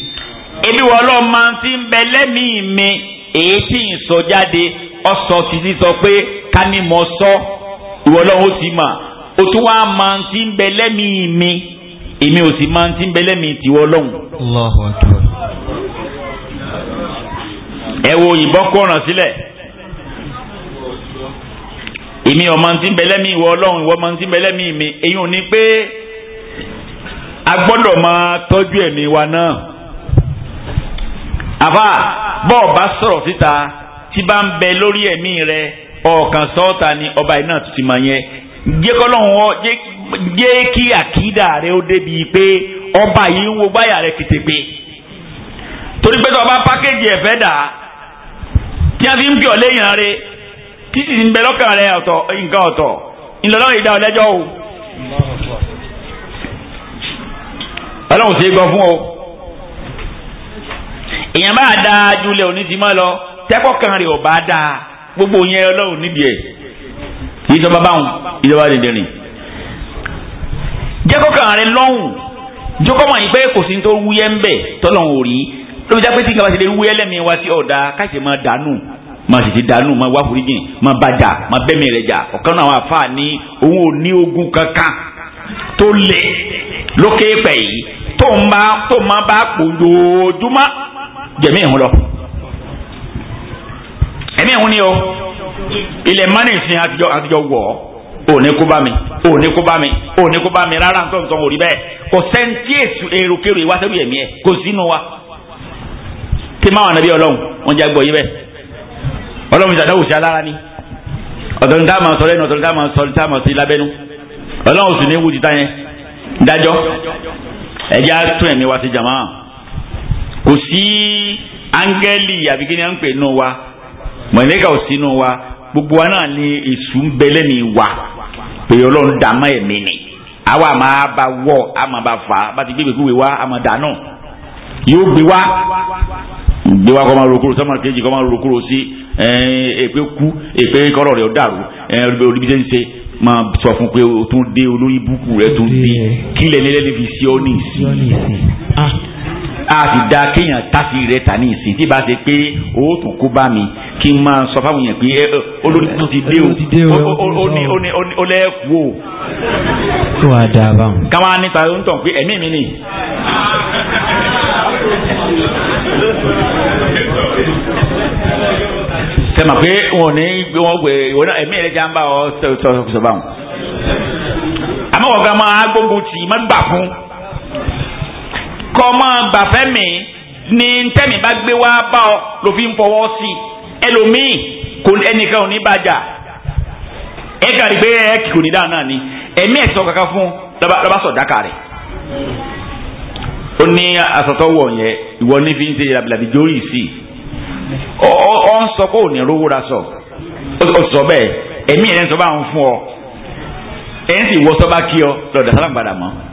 Èmi wọ Ọlọ́run máa ti ń bẹ lẹ́mìí mi èyí tí ń sọ jáde ọsọ ti sọ pé ká ní mo sọ ìwọ ó ti mà ó tún máa ti ń bẹ lẹ́mìí mi èmi ò sì máa ń ti ń bẹ́lẹ́ mi tìwọ́ lọ́hùn. ẹ wo òyìnbọn kọ̀ràn sílẹ̀ èmi ò máa ń tí ń bẹ́lẹ́ mi ìwọ ọlọ́hùn ìwọ máa ń tí ń bẹ́lẹ́ mi mi èyí ò ní pé a gbọ́dọ̀ máa tọ́jú ẹ̀mí wa náà. àbá bọ́ọ̀ bá sọ̀rọ̀ síta tí bá ń bẹ lórí ẹ̀mí rẹ ọ̀kan sọ́ọ̀ta ni ọba yìí náà ti máa yẹ jẹ́ kọ́lọ́hún ọ jẹ́ jẹ́ kí àkídà rẹ ó débi pé ọba yìí ń wo gbáyà rẹ kìtìgbé torí pé tó bá pákéjì ẹ̀fẹ́ dà tí a fi ń pè ọ́ léyìn rẹ títí ń bẹ lọ́kàn rẹ ọ̀tọ̀ nǹkan ọ̀tọ̀ ńlọ́lọ́run ìdá ọ̀lẹ́jọ́ o ọlọ́run ṣe gbọ́ fún ọ èèyàn bá dáa jùlẹ̀ òní ti mọ́ lọ tẹ́kọ̀ kan rẹ̀ ọ̀ bá dáa gbogbo yẹn ọlọ́run nídìí ẹ̀ ìjọba báwọn ìjọba dìndìnrín jẹ́kọ̀ọ́kàn rẹ lọ́hùn jọ́kọ́ mọ̀ yín pé kò sí ní tó wúyẹ́ ń bẹ̀ tọ́lọ́hùn ò rí lóbi jẹ́ pé tí nǹkan bá ti lè wúyẹ́ lẹ́mìí wá sí ọ̀dà káṣí máa dànù máa sì ti dànù máa wá foríjìn máa bá jà máa bẹ́mi rẹ̀ jà ọ̀kan náà àwọn àfa ní òun ò ní ogun kankan tó le lókè pẹ̀ yìí tó ń bá tó máa bá pò lójoojúmọ́ jẹ̀mí ìhun lọ. ẹ̀mí ìhun ni o ilẹ̀ mánìsìn àtijọ́ àtijọ́ wọ̀ ọ́ ò ní kó bá mi ò ní kó bá mi ò ní kó bá mi rárá nǹkan nǹkan ò rí bẹ́ẹ̀ kò sẹ́ńtì èsù èròkèrò ìwà sẹ́rù yẹ̀mí ẹ̀ kò sínú wa kí máa wà nàbí ọlọ́run wọn jẹ́ gbọ́ yí bẹ́ẹ̀ ọlọ́run ìjà dáwò alára ni ọ̀tọ̀ni tá a máa sọ lẹ́nu ọ̀tọ̀ni tá a máa sọ tá a máa sí lábẹ́nu ọlọ́run sì ní ewu títa yẹn dájọ́ ẹ̀jẹ̀ á tún ẹ̀mí wa sí jàmá kò sí áńgẹ́lì àbí kí ni à ń pè nù wa mọ̀lẹ́kà ò sínú wa gbogbo wa náà ní èṣù ń bẹ wa èrè ọlọ́run dà mọ́ ẹ̀mí ni àwa máa bá wọ̀ a máa bá fà á bá ti gbé ìgbékúwé wá a máa dà náà yóò gbé wá gbé wá kọ́ máa rokoro sọ́mọ kejì kọ́ máa rokoro sí eh, èpè kú èpè kọ́rọ̀ rẹ̀ ó dàrú ẹ̀rọ olùbí jẹ́ ń ṣe máa sọ fún pé o tún dé olórí búkú rẹ̀ tún dé kílẹ̀ nílẹ̀ níbi sí ọ́ nìyí sí a sì da kéèyàn tásì rẹ tà ní ìsìn tí bá ṣe pé o tún kó bá mi kí n máa sọ fáwọn èèyàn pé olórí tó ti dé o ó ní ó ní ó lẹ́ẹ̀kú o. tó a dà bá wọn. káwá nípa ló ń tàn pé ẹ̀mí mi nì. sẹ́mà pé wọn ò ní gbé wọn gbé ìwọ náà ẹ̀mí ẹ̀rẹ́jà ń bá ọ sọ̀rọ̀ sọ̀rọ̀ báwọn. àmọ́ wọ́n fẹ́ máa gbógun tì í má gbà fún kọ́ mọ́ bàfẹ́ tẹ́mi bá gbé wá bá ọ ló fi ń fọwọ́ sí i ẹlòmíì kò ẹnìkan ò ní bàjá ẹ kàrí pé ẹ kò ní dáa ni ẹ̀mí ẹ̀ sọ kankan fún lọ́ba sọ dáka rẹ̀ ó ní asọ̀tọ̀wọ̀ yẹn ìwọ ní fi ń ṣe labilabi jórí sí i ọ ń sọ pé ò ní rówó ra sọ ó sọ bẹ́ẹ̀ ẹ̀mí ẹ̀ ń sọ bá ń fún ọ ẹ̀ ń sì wọ́ sọ́ba kí ọ lọ́dọ̀ sábà gbàdà mọ́.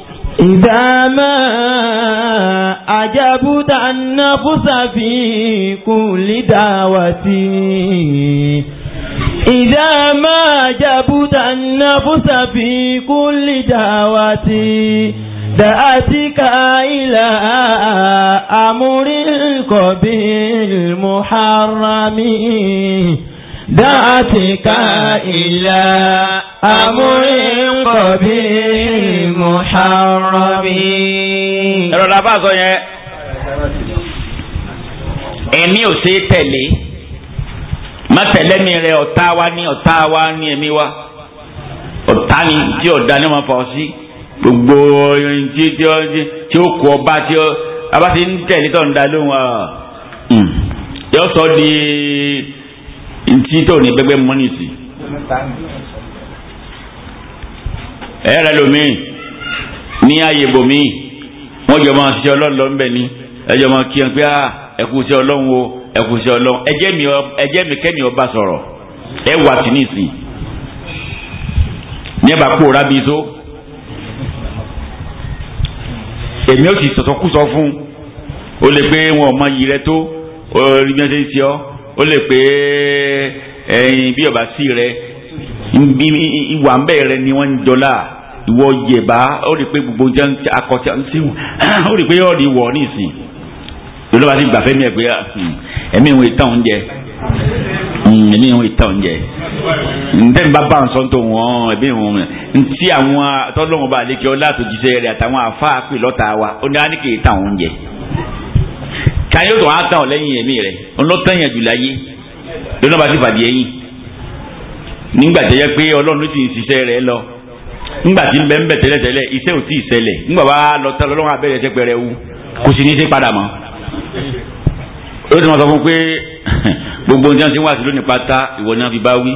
إذا ما أجبت النفس في كل دعوتي إذا ما أجبت النفس في كل دعوتي دعتك إلى أمر القبيل محرم دعتك إلى amúrínkọ̀ bí ò ṣe tẹ̀lé má tẹ̀lé rẹ ọ̀tá wa ní ọ̀tá ní ọ̀tá ni tí ọ̀dá wọ́n sí gbogbo oyin tí tí ó tí ó kú ọba tí ó ọba ti ń tẹ̀lé tó ń da ọ hmm, yóò sọ di ntí tó ní gbẹgbẹ ẹ̀rẹ́ lomi ní ààyè bòmí wọ́n jọ máa ṣiṣẹ́ ọlọ́run lọ ńbẹ ni ẹjọ́ máa kí ah, ẹ pé ẹkú ọlọ́run o ẹkú ṣe ọlọ́run ẹjẹ́ mi kẹ́mi ọba sọ̀rọ̀ ẹ wà sí nìsín ní ẹ bá kó rábí so èmi ò sì sọ̀tọ̀kùsọ fún o lè pé wọn ò mọ iyì rẹ tó o rí bí wọ́n ń ṣe ọ́ o lè pé ẹyin bí ọba sí rẹ ìwà ń bẹ̀rẹ̀ ni wọ́n ń jọlá ìwọ yẹ̀bá ó rí i pé gbogbo jẹ́ akọ̀tẹ́ ń sẹ́wọ̀n ó rí i pé ọ̀rí wọ̀ nísìn lọ́dọ̀ bá ti gbà fẹ́ mi ẹ̀ pé hmm, ẹ̀mí ìwọ̀n ìtàn oúnjẹ hmm, ẹ̀mí ìwọ̀n ìtàn oúnjẹ ǹdẹ́ nípa bá ǹsọ́ tó wọ́n ẹ̀mí ìwọ̀n ntí àwọn tọ́lọ́wọ́n bá lékè ọ́ láti jíṣẹ́ rẹ̀ àtàwọn àfáà pè lọ́ta wa ó ní á ní kì í oúnjẹ káyọ̀ tó lẹ́yìn ẹ̀mí rẹ̀ ọlọ́tàn yẹn jù láyé lọ́dọ̀ bá ti fàdí ẹ̀yìn nígbà tẹ́yẹ pé ọlọ́run ló ti ń ṣiṣẹ́ rẹ̀ lọ nígbà tí bẹ́ẹ̀ ń bẹ̀ tẹ́lẹ̀ tẹ́lẹ̀ iṣẹ́ ò tí ì ṣẹlẹ̀ nígbà wàá lọ tẹ́lẹ̀ ọlọ́run abẹ́rẹ́ ẹ̀ṣẹ́ pẹ̀rẹ̀ wu kò sì ní í ṣe padà mọ́. ó sì máa sọ fún pé gbogbo ohun tí wọ́n ti ń wá sí lónìí pátá ìwọ ni wọ́n fi bá wí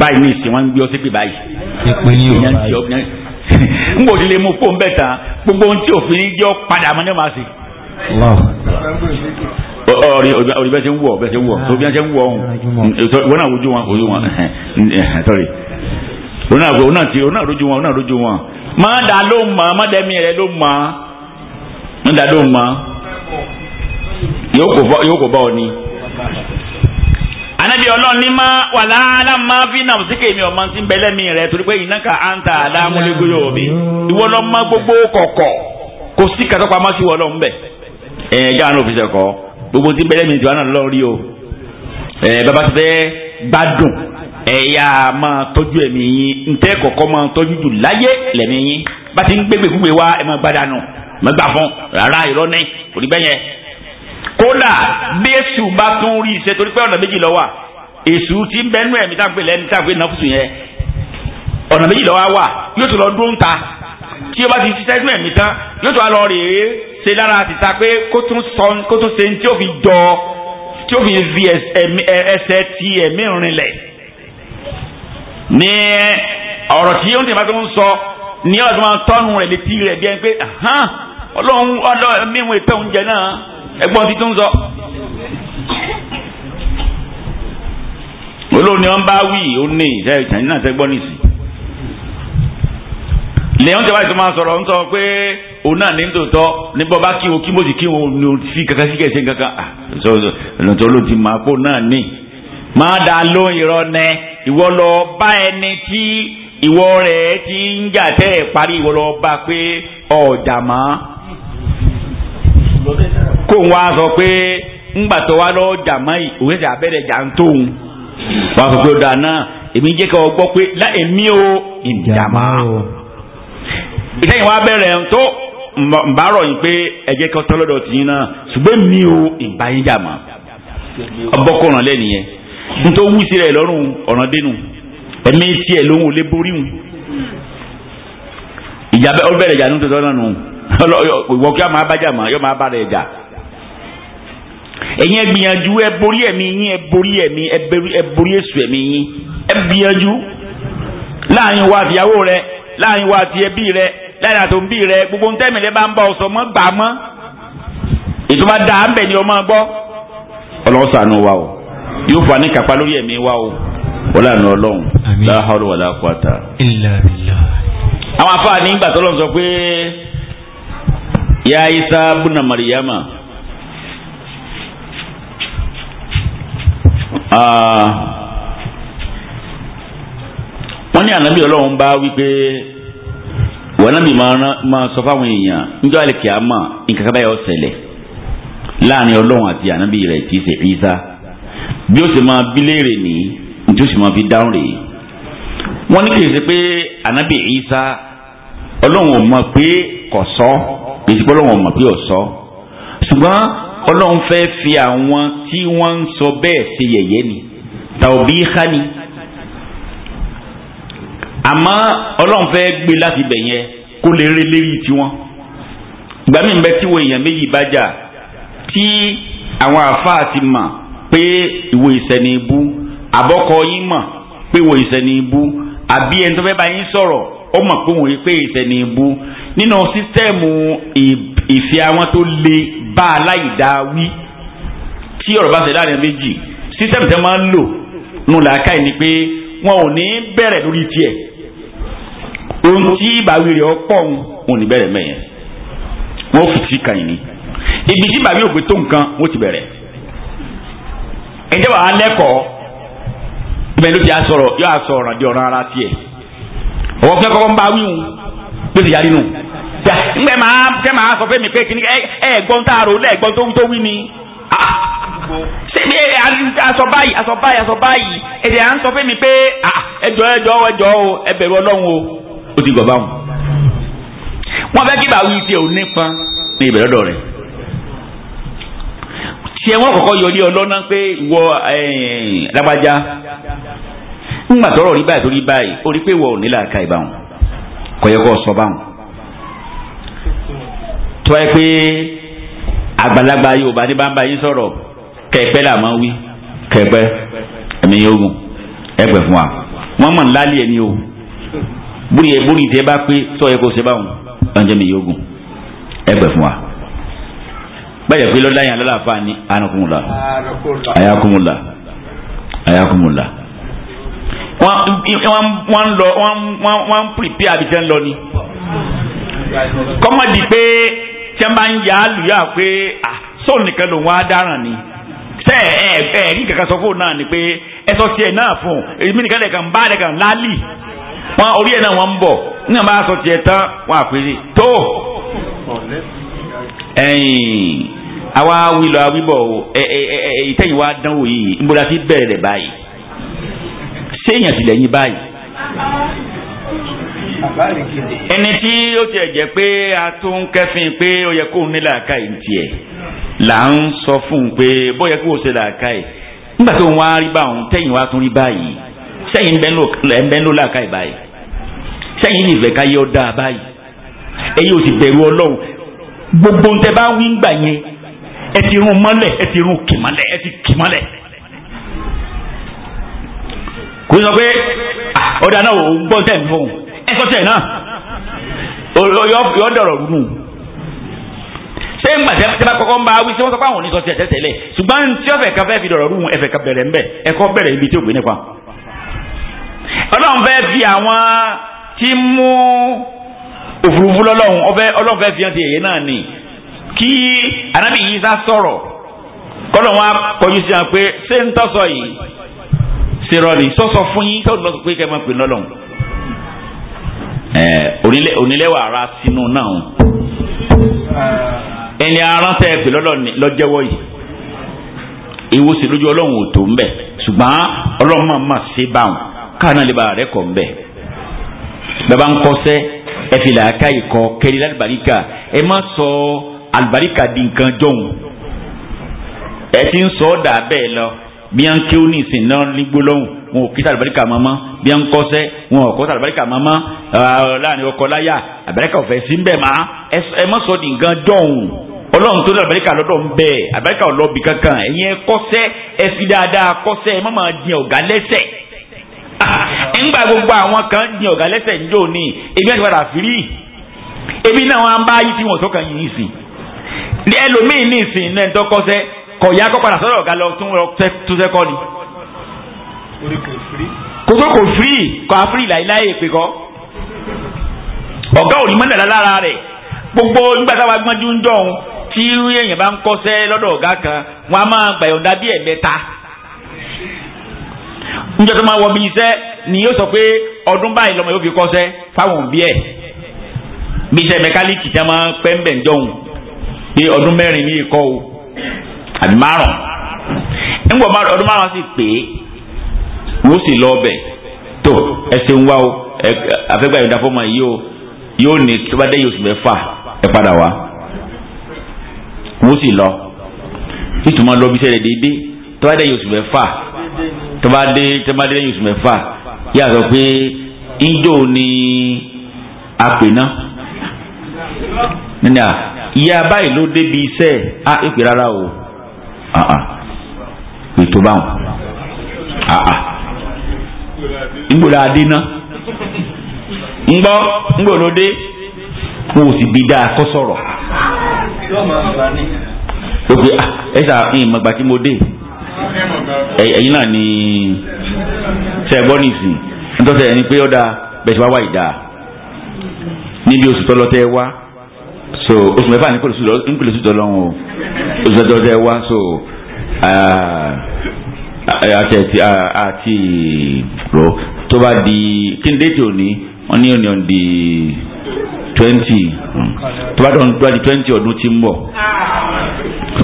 báyìí ní ìsìn wọn ń gbé ọ sípè báyìí. n kò tilẹ̀ mú fóun bẹ̀ tán gbogbo ohun tí òfin jọ padà mọ́ ní ọ ọrin orí bẹ́ẹ̀ ṣe ń wọ̀ bẹ́ẹ̀ ṣe ń wọ̀ ah, tó bí wọ́n ṣe ń wọ̀ ọ̀hún wọn náà wọn wọn sorry náà wọn náà rojú wọn náà rojú wọn. má da ló ma, má da rẹ ló ma. má da ló yóò bá ọ ni. anabi ọlọ́run ní ma wàlá aláma fi sí ọmọ sí mi rẹ torí pé ka à ada ta àdámúlégbéyò mi ìwọ lọ́ọ́ má gbogbo kọ̀kọ̀ kò sí gbogbo tí bẹ́rẹ̀ mi ti wà náà lọ́ọ́rí o ẹ bàbá ti fẹ́ gbádùn ẹ̀yà máa tọ́jú ẹ̀mí yín ntẹ́ kọ̀kọ́ máa tọ́jú jù láyé lẹ̀mí yín bá ti ń gbégbé gbúgbé wá ẹ máa gbádànù máa gbà fún rárá irọ́ ní kò ní bẹ́yẹn. kódà bí èsù bá tún rí iṣẹ́ torí pé ọ̀nà méjì ló wà èsù ti ń bẹ́nu ẹ̀mí tá lẹ́ni tá náà fùsùn yẹn ọ̀nà méjì ló wà yóò tún lọ dún ta tí o bá ti ṣiṣẹ́ sínú ẹ̀mí tán yóò tún wá lọ rèé ṣe lára ti ta pé kó tún sọ kó tún ṣe tí o fi jọ tí o fi fi ẹsẹ̀ ti ẹ̀mí rinlẹ̀ ní ọ̀rọ̀ tí oúnjẹ bá tó ń sọ ní ọ̀rọ̀ tó máa tọ́nu rẹ̀ létí rẹ̀ bí ẹni pé ọlọ́run ọlọ́run mímu ìpẹ́ oúnjẹ náà ẹgbọ́n ti tún sọ. olóòní ọ̀n bá wí ó ní ìjà ìtàn náà tẹ́gbọ́n nìsí. lẹ́yìn tí a bá máa sọ̀rọ̀ ń sọ pé òun náà ní tòótọ́ ní kí wọn kí mo sì kí wọn ní o sí kankan sí kẹsẹ̀ kankan ah, ti máa kó náà ní. máa dá lóhùn irọ́ nẹ ìwọ lọ bá ẹni tí ìwọ ti ń jà tẹ́ ẹ̀ parí ìwọ lọ bá pé ọ̀jà mọ́. kó wa sọ pé ńgbà tó wá lọ jà mọ́ òun ṣe àbẹ̀rẹ̀ jà ń sọ pé ó náà èmi jẹ́ ìkẹyìn wa bẹ̀rẹ̀ tó mba yìí pé ẹ̀jẹ̀ kan tọ́ lọ́dọ̀ tìyín náà ṣùgbọ́n mi ò ìbá mọ́ ọbọ̀kọ̀ràn lẹ́nu yẹn nítorí wù sí rẹ̀ lọ́rùn ọ̀ràn dénú ẹ̀mí tiẹ̀ lóhùn ò lè borí ìjà ó bẹ̀rẹ̀ ìjà nù ìwọ kí wọ́n máa bá jà mọ́ yóò máa bá rẹ̀ jà ẹ̀yin ẹ borí ẹ̀mí yín ẹ láì tó ń bí rẹ gbogbo ń bá ń bá ọ sọ mọ́ bà mọ́ bá dáa ń bẹ̀ ni ọmọ gbọ́ ọlọ́run ṣàánú wa o yóò ní kápá lórí ẹ̀mí wa o ọlọ́run láhàrú wà àwọn isa buna mariama wọn náà mi máa sọ fáwọn èèyàn níjọ́ àlèkè àmà nǹkan kábàáyà ọ̀sẹ̀lẹ̀ láàrin ọlọ́run àti ànábì rẹ̀ tí í ṣe ìsá bí ó sì máa bí léèrè ní ní tí ó sì máa fi dáhùn rèé wọ́n ní kì í ṣe pé ànábì ìsá ọlọ́run ò mọ̀ pé kò sọ kì í ṣe pé ọlọ́run ò mọ̀ pé ò sọ ṣùgbọ́n ọlọ́run fẹ́ fi àwọn tí wọ́n ń sọ bẹ́ẹ̀ ṣe yẹ̀yẹ́ ni tàbí ká ni àmọ́ ọlọ́run fẹ́ gbé láti bẹ̀ yẹn kó lè ré lérí tiwọn ìgbà míì bẹ tí wo èèyàn méjì bá jà tí àwọn àáfàá ti mọ̀ pé ìwé ìsẹ̀ni ibú àbọ́kọ yín mọ̀ pé ìwé ìsẹ̀ni ibú àbí ẹni tó fẹ́ bá yín sọ̀rọ̀ ó mọ̀ pé òun pé ìsẹ̀ni ibú nínú sísẹ́ẹ̀mù ìfẹ́ àwọn tó le bá aláìdáwí tí ọ̀rọ̀ bá ṣe láàrin méjì sísẹ́ẹ̀mù tẹ́ máa ń lò nù làákàyè ni pé wọn ò ní bẹ̀rẹ̀ lórí tiẹ̀ ohun tí bàbí rẹ̀ ọ̀pọ̀ òun ní bẹ̀rẹ̀ mẹ́yẹn wọ́n fi ti kàn ní ibi tí bàbí òpin tó nǹkan wọ́n ti bẹ̀rẹ̀ ẹjẹ́ wàá lẹ́kọ̀ọ́ ibẹ̀ ló ti á sọ̀rọ̀ yóò á sọ ọ̀ràn di ọ̀ràn ara tiẹ̀ ọ̀wọ́ fẹ́ kọ́kọ́ ń bá wíwù ló ti yarí nù ǹgbẹ́ máa fẹ́ máa sọ fẹ́mi pé kìnnìkan ẹ ẹ gbọ́n tá a rò lẹ́ẹ̀gbọ́n tó wí tó wí ni ṣebí aṣọ báyìí aṣọ báyìí aṣọ báyìí ẹ̀jẹ̀ à ń sọ fẹ́mi pé ẹjọ́ ẹjọ́ ẹjọ́ o ẹ bẹ̀rù Ọlọ́run o ó ti gọ̀ báwọn. wọ́n fẹ́ kí bàwí tiẹ̀ ò nípa ní ibẹ̀ lọ́dọ̀ rẹ̀ tiẹ̀ wọ́n kọ́kọ́ yọrí ọlọ́nà pé wọ lágbájá ńgbà tọrọ rí báyìí torí báyìí ó rí pé wọ ò ní làákà ìbáwọn kò yẹ kó sọ báwọn tọ́ ẹ pé àgbàlagbà yorùbá ní bámbá yín sọ̀rọ̀ kẹ̀pẹ́ là máa wí kẹ̀pẹ́ ẹ̀mí yóò gùn ẹgbẹ̀ fún wa wọ́n mọ̀ ńlá lé ẹni o bórí ẹ bórí tẹ bá pé tọ́ ẹ kó ṣe báwọn ọ̀njẹ́ mi yóò gùn ẹ pẹ̀ fún wa báyọ̀ pé lọ́dá yẹn lọ́la fa ni anakumula ayakumula ayakumula wọ́n ń lọ wọ́n ń pèpè àbíkẹ́ ń lọ ni kọ́mọ̀dì pé tí wọ́n bá ń yà á lù yà pé sóun nìkan lòun á dáràn ni tẹ ẹ ẹ rí kankan sọ fóun náà ni pé ẹ sọ tiẹ̀ náà fún un èmi nìkan lẹ̀ kàn bá lẹ̀ kàn lálì wọn orí ẹ̀ náà wọ́n ń bọ̀ nígbà bá sọ tiẹ̀ tán wọn àpèrè tó ẹ̀yìn àwa wílọ awíbọ̀ ìtẹ̀yìn wa dánwò yìí ń bọ́lá sí bẹ̀rẹ̀ báyìí séèyàn sì lẹ́yìn báyìí ẹni tí ó tiẹ̀ jẹ́ pé a tó ń kẹ́fìn pé ó yẹ kó ní làákà yìí tiẹ̀ là ń sọ fún un pé bó yẹ kó o ṣe làákà yìí nígbà tó ń wá rí báwọn tẹ̀yìn wa tún rí báyìí sẹ́yìn bẹ́ẹ̀ ló làákà ìbáyìí sẹ́yìn nìfẹ́ káyé ọ dáa báyìí ẹ̀yin ò sì bẹ̀rù ọlọ́run gbogbo ń tẹ bá wí ń gbà yẹn ẹ ti rún mọ́lẹ̀ ẹ ti rún kì mọ́lẹ̀ ẹ ti kì mọ́lẹ̀ kò sọ pé ọ̀dà ah, náà ò ń gbọ́ tẹ̀ ń fún ẹ sọ tẹ̀ náà yọ dọ̀rọ̀ nù ṣé ń bá kọ́kọ́ ń bá wí sí wọ́n sọ pé àwọn ò ní sọ sí ẹ̀ tẹ́tẹ́lẹ̀ ṣùgbọ́n tí ọ̀fẹ́ kan fẹ́ fi dọ̀rọ̀ rú ẹ̀fẹ́ kan bẹ̀rẹ̀ ń bẹ̀ ẹ̀kọ́ bẹ̀rẹ̀ ibi tí ò gbé nípa ọlọ́run fẹ́ fi àwọn tí mú òfurufú lọ́lọ́run ọlọ́run fẹ́ fi hàn ti ẹ̀yẹ náà nì kí anábì yìí sá sọ̀rọ̀ kọ́lọ̀ wọn kọjú sí wọn pé ṣé ń tọ́sọ yìí ṣe rọlì sọ́sọ fún yín tó lọ́sọ pé kẹ́ máa pè lọ́lọ́run onílẹ̀wà ara sínú náà ẹni aránsẹ́ pè lọ́lọ́ lọ́jẹ́wọ́ yìí ìwòsàn lójú ọlọ́run ò tó ń bẹ̀ ṣùgbọ́n ọlọ́run máa ma ṣe báwọn kana náà lè ba rẹ kọ̀ ńbẹ bàbá ń kọsẹ́ ẹ fi làákà ìkọ kẹrì lálùbáríkà ẹ e má sọ àlùbáríkà di nǹkan jọ̀hún ẹ e ti ń sọ ọ́ dà bẹ́ẹ̀ lọ bí wọn kí ó ní ìsìn náà ní gbólóhùn wọn ò kí sàlùbáríkà mọ́mọ́ mama wọn kọ́sẹ́ wọn ò kọ́ sàlùbáríkà mọ́mọ́ láàrin ọkọ láyà àbẹ̀rẹ̀kà ọ̀fẹ́ sí ń bẹ̀ má ẹ tó ní àbẹ̀rẹ̀kà lọ́dọ̀ ń bẹ̀ àbẹ̀rẹ̀kà kankan ẹ̀yin ẹ e kọ́sẹ́ dáadáa kọ́sẹ́ ẹ má máa di ọ̀gá lẹ́sẹ̀ Ng'ba gbogbo àwọn kan ní ọ̀gá lẹ́sẹ̀ ń jò ní ebi náà ti padà firi ebi náà wọn bá yí tí wọn tó kàn yìí sí ní ẹlòmíín ní ìsìn náà tó kọsẹ̀ kọ̀yà kọ́ padà sọ́dọ̀ ọ̀gá lọ tún lọ tó sẹ́kọ́ ni. kókó kò firi kọ́ àfírí láéláé èpè kọ́ ọ̀gá òní mọ́ndàlá lára rẹ̀ gbogbo nígbà táwa gbọ́njú ń jọ̀hún tí èèyàn bá ń kọ́sẹ́ lọ́dọ̀ ọ̀gá kan wọn a máa gbàyọ̀ǹda bí ẹ̀mẹ́ta níjọ́ tó máa wọ bí iṣẹ́ ni yóò sọ pé ọdún báyìí lọ́mọ yóò fi kọ́ṣẹ́ fáwọn òbí ẹ̀ bí iṣẹ́ mẹkáníìkì tí a máa pẹ́ńbẹ̀ ń jọ̀hún pé ọdún mẹ́rin ní ìkọ́ o àbí márùn nígbà ọdún márùn sì pé wọ́n sì lọ ọbẹ̀ tó ẹsẹ̀ ń wá o afẹ́gbà yóò dáfọ́ mọ́ yìí o yóò ní tó bá dé yóò sì mẹ́fà ẹ padà wá wọ́n sì lọ nítorí lọ bí iṣẹ́ rẹ̀ déédéé tó bá dé yóò sì mẹ́fà tọ́mádé tọ́mádé lẹ́yìn oṣù mẹ́fà yà sọ pé ìjọ ni apè náà nínú à ìyá báyìí ló débi iṣẹ́ à èpè rárá o ètò báwọn ngbòdà adé náà ngbọ́ ngbòdà odé mo sì bí dáa kọ́ sọ̀rọ̀ ó pe ẹ ṣáà ìmọ̀gbà tí mo dé ẹ̀yin náà ni ṣe gbọ́ nìsín nítorí ẹni pé ọ̀dà bẹ̀ṣẹ̀ wá wá ìdá níbi oṣù tọ́lọ́tẹ́ wá so oṣù mẹ́fà ní kò lè sùn tọ́lọ́run o oṣù tọ́lọ́tẹ́ wá so àti àti rò tó bá di kí ni déètì òní wọ́n ní òní òní di twenty tó bá dọ̀ ní twenty ọdún tí ń bọ̀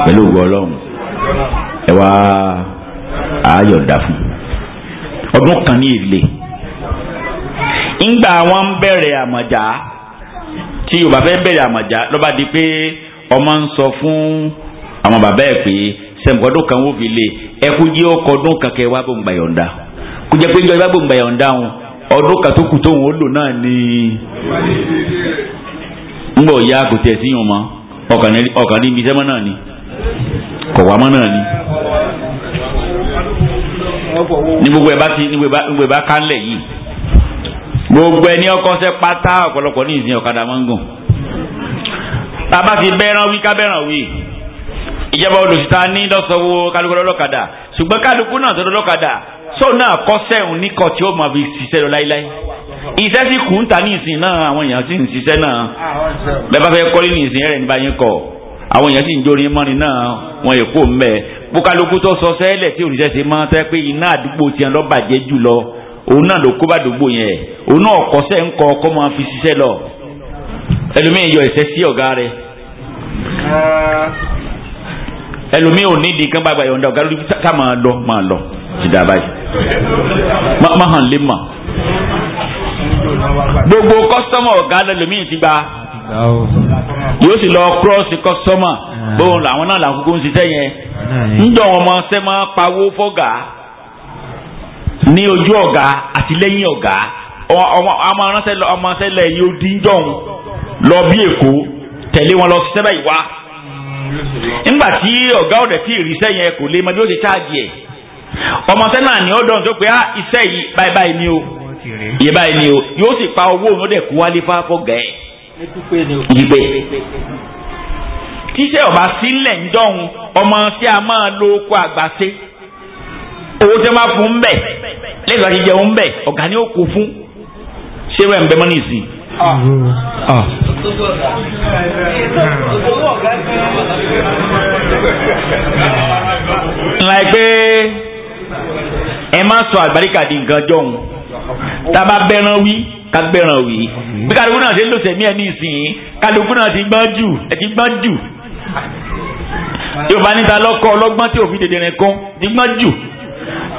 pẹ̀lú ògbọ́ ọlọ́run ẹ wá àyọ̀dá fún ọdún kan ní èlé ńgbà wọn ń bẹ̀rẹ̀ àmọ̀já tí yorùbá fẹ́ bẹ̀rẹ̀ àmọ̀já ló bá di pé ọmọ ń sọ fún àwọn bàbá ẹ̀ pé sẹ̀mùkọ́dún kan wó fi lé ẹkú jẹ́ ọkọ̀ ọdún kan kẹ́ wá gbòǹgbà yọ̀ǹda kó jẹ́ pé ìjọba gbòǹgbà yọ̀ǹda òun ọdún kan tó kù tóun ó lò náà ni ńgbà ọ̀ya kò tẹ̀ síyàn mọ́ ọkàn ní ibi sẹ́mọ́ náà ni kọ̀wá mọ́ náà ni. ní gbogbo ẹ̀ bá ti ní gbogbo ẹ̀ bá kánlẹ̀ yìí gbogbo ẹ̀ ní ọkọ̀ṣẹ́ pátá ọ̀pọ̀lọpọ̀ ní ìsìn ọ̀kadà máa ń gùn. tába ti bẹ́ràn wí ká bẹ́ràn wí ìjọba olùsíta ní lọ́sọ̀wọ́ kálukú lọ́lọ́kadà ṣùgbọ́n kálukú náà tó lọ́lọ́kadà sóun náà kọ́ṣẹ́ òun níkọ̀ tí ó máa fi ṣiṣẹ́ lọ láíláí iṣẹ́ sì kù ń ta ní ìsìn náà àwọn èèyàn sì ń ṣiṣẹ́ náà bẹ́ẹ̀ bá fẹ́ kọ́lé ní ìsìn ẹ̀rẹ̀ nígbà kọ̀ àwọn èèyàn sì ń jórin mọ́rin náà wọn èkó mbẹ́ bókálukú tó sọ sẹ́lẹ̀ tí òrìṣẹ́ ṣe máa tẹ́ pé iná àdúgbò tiẹ̀ lọ́ bàjẹ́ jù lọ òun náà ló kó bá yẹn òun náà kọ́sẹ́ ń kọ́ ọkọ́ fi ṣiṣẹ́ lọ yọ sí ẹlòmíì ò ní lórí ká máa lọ máa lọ báyìí má hàn lé mà gbogbo kọ́sọ́mọ̀ ọ̀gá gba yóò sì lọ cross customer ah. bóun làwọn náà làwọn ń ṣiṣẹ́ yẹn ńjọ wọn máa ṣe máa pawó fọ́gà ní ojú ọ̀gá àti lẹ́yìn ọ̀gá ọmọ aránṣẹ́ ọmọ aránṣẹ́ lẹ̀ yóò dín lọ bí èkó tẹ̀lé wọn lọ ṣiṣẹ́ báyìí wá nígbà tí ọ̀gá ọ̀dẹ̀ tí yẹn kò lè mọ o yìí báyìí ni o yóò sì pa owó òun ó dẹ̀ yípe tíṣẹ́ ọba sílẹ̀ ń dọ̀hún ọmọ tí a máa lo oko àgbàṣe owó tí wọ́n bá fún un bẹ̀ lẹ́yìn tó ti jẹun bẹ̀ ọ̀gá ni ó kó fún ṣé wẹ́n bẹ́ mọ́ ní ìsìn. ńlá ah. ah. ẹ má sọ àgbàríkàdì nǹkan jọ̀hún tá a bá bẹ́ràn wí kágbẹ́ràn wì í bí kálukú náà ṣe ń lò sẹ́mi ẹ̀ ní ìsìn kálukú náà ti gbọ́n jù ẹ̀ ti gbọ́n jù yorùbá níta lọ́kọ́ ọlọ́gbọ́n tí òfin dèdè rẹ̀ kún ti gbọ́n jù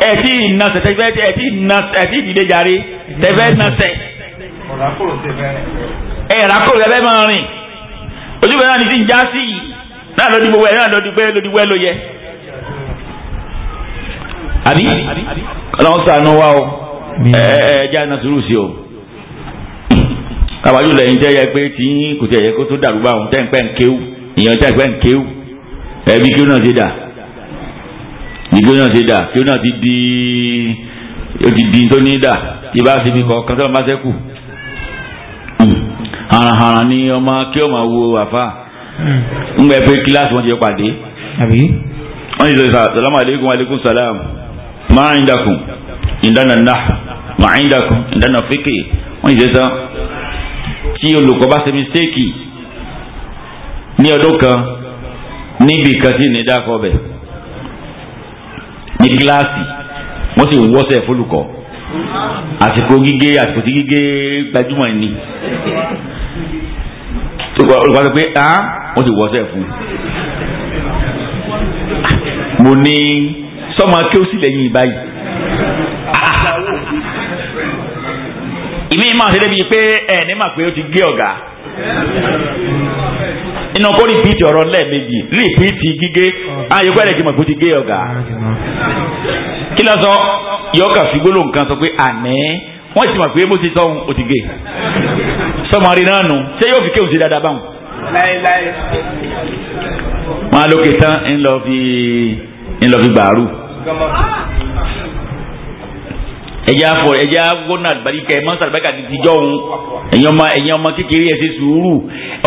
ẹ̀ tí ìna sẹ̀tẹ̀fẹ́ ẹ̀ tí ìna ẹ̀ tí ìdílé jàre tẹ̀fẹ́ na sẹ̀ ẹ̀ ràkòrò tẹ̀fẹ́ máa rìn ojúbẹ náà ni ti ń já sí yìí náà lọ́dí gbogbo ẹ̀ náà lọ́dí gbẹ́ lọ́dí gbẹ́ ló yẹ. àbí ọlọ́run sànú wa o ẹ̀ẹ́dẹ́gbẹ́ náà sùúrù sí o kàwájú lẹ́yìn tẹ́ yẹ pé tí kò tẹ̀ yẹ kó tó dàrú báwọn tẹ́ ń pẹ́ ń kéwù ìyẹn tẹ́ ń pẹ́ ń kéwù ẹbí kéwù náà ti dà ìkéwù náà ti dà kéwù náà ti di ó ti di tó ní dà ìbá fi mi kọ kọ́ńtà máa sẹ́kù haranharan ni ọmọ kí ọmọ wo àfa ń gbẹ pé kíláàsì wọn ti pàdé wọn ti sọ salamu aleykum aleykum salam máa ń dàkùn ìdáná náà máa ń dàkùn ìdáná fíkì wọn ti sọ tí olùkọ́ bá ṣe mistake ní ọdún kan níbi kan tí ní dákọ̀ bẹ̀ ní kíláàsì wọ́n sì wọ́sẹ̀ fólùkọ́ àsìkò gígé àsìkò tí gígé gbajúmọ̀ ni olùkọ́ sọ pé ah wọ́n sì wọ́sẹ̀ fún mo ní sọ́mọ akéwòsí lẹ́yìn báyìí. ìmí ma ṣe débi pé ẹ ní ma pé o ti gé ọ̀gá inú kó rìpíìtì ọ̀rọ̀ lẹ́ẹ̀mejì rìpíìtì gígé ayọ̀kọ́ ẹ̀rẹ́ ti mọ̀ pé ó ti gé ọ̀gá kí ló sọ yọ̀ọ́kà fi gbólóhùn kan sọ pé àní wọ́n ti mọ̀ pé bó ti sọ ohun òtí gé sọmọrin náà nù ṣé yóò fi kéwòn sí dáadáa báwọn. láéláé. lókè tán ń fi ń fi bàárù ẹjẹ afọ ẹjẹ agbóná àlùbáríkà ẹ mọsán àlùbáríkà ti tijọ òun ẹyin ọmọ ẹyin ọmọ kékeré ẹ ṣe sùúrù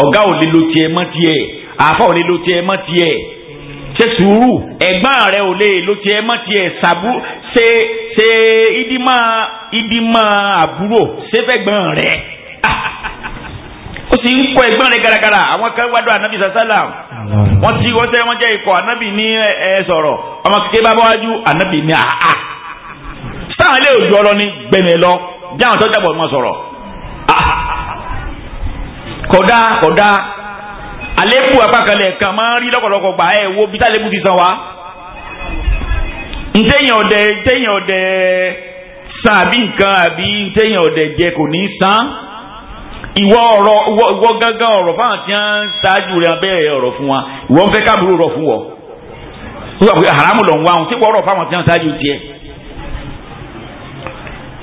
ọgá ò lè lo tiẹ mọ tiẹ àáfà ò lè lo tiẹ mọ tiẹ ṣe sùúrù ẹ̀gbọ́n rẹ ò lè lo tiẹ mọ tiẹ sàbú ṣe ṣe ìdímọ ìdímọ àbúrò ṣẹfẹgbọn rẹ ó sì ń kọ ẹ̀gbọ́n rẹ garagara àwọn kan wádùn ànábì sàṣálà wọn ti wọn sẹ wọn jẹ ikọ ànábì ní ẹ sọ̀rọ̀ ọmọ kékeré bá bá wájú ànábì ní àá. sáàlẹ̀ òjò ọlọ ní gbẹmẹ lọ dáhùn tó jábọ̀ mọ́ sọ̀rọ̀ kọ̀dá ah, kọ̀dá àlékù apákalẹ̀ kan máa ń rí lọ́kọ̀lọ́kọ̀ gbà ẹ̀ wo bí tálẹ́kù ti san wa ntẹ̀yìn ọ̀dẹ ntẹ̀yìn ọ̀dẹ san àbí nǹkan àbí ọ̀dẹ jẹ kò ní san ìwọ ìwọ gángan ọrọ fún wa ìwọ ń fẹ́ káàbùrò fún wọ́n sọ pé lọ ń wá tí wọ́n fáwọn tí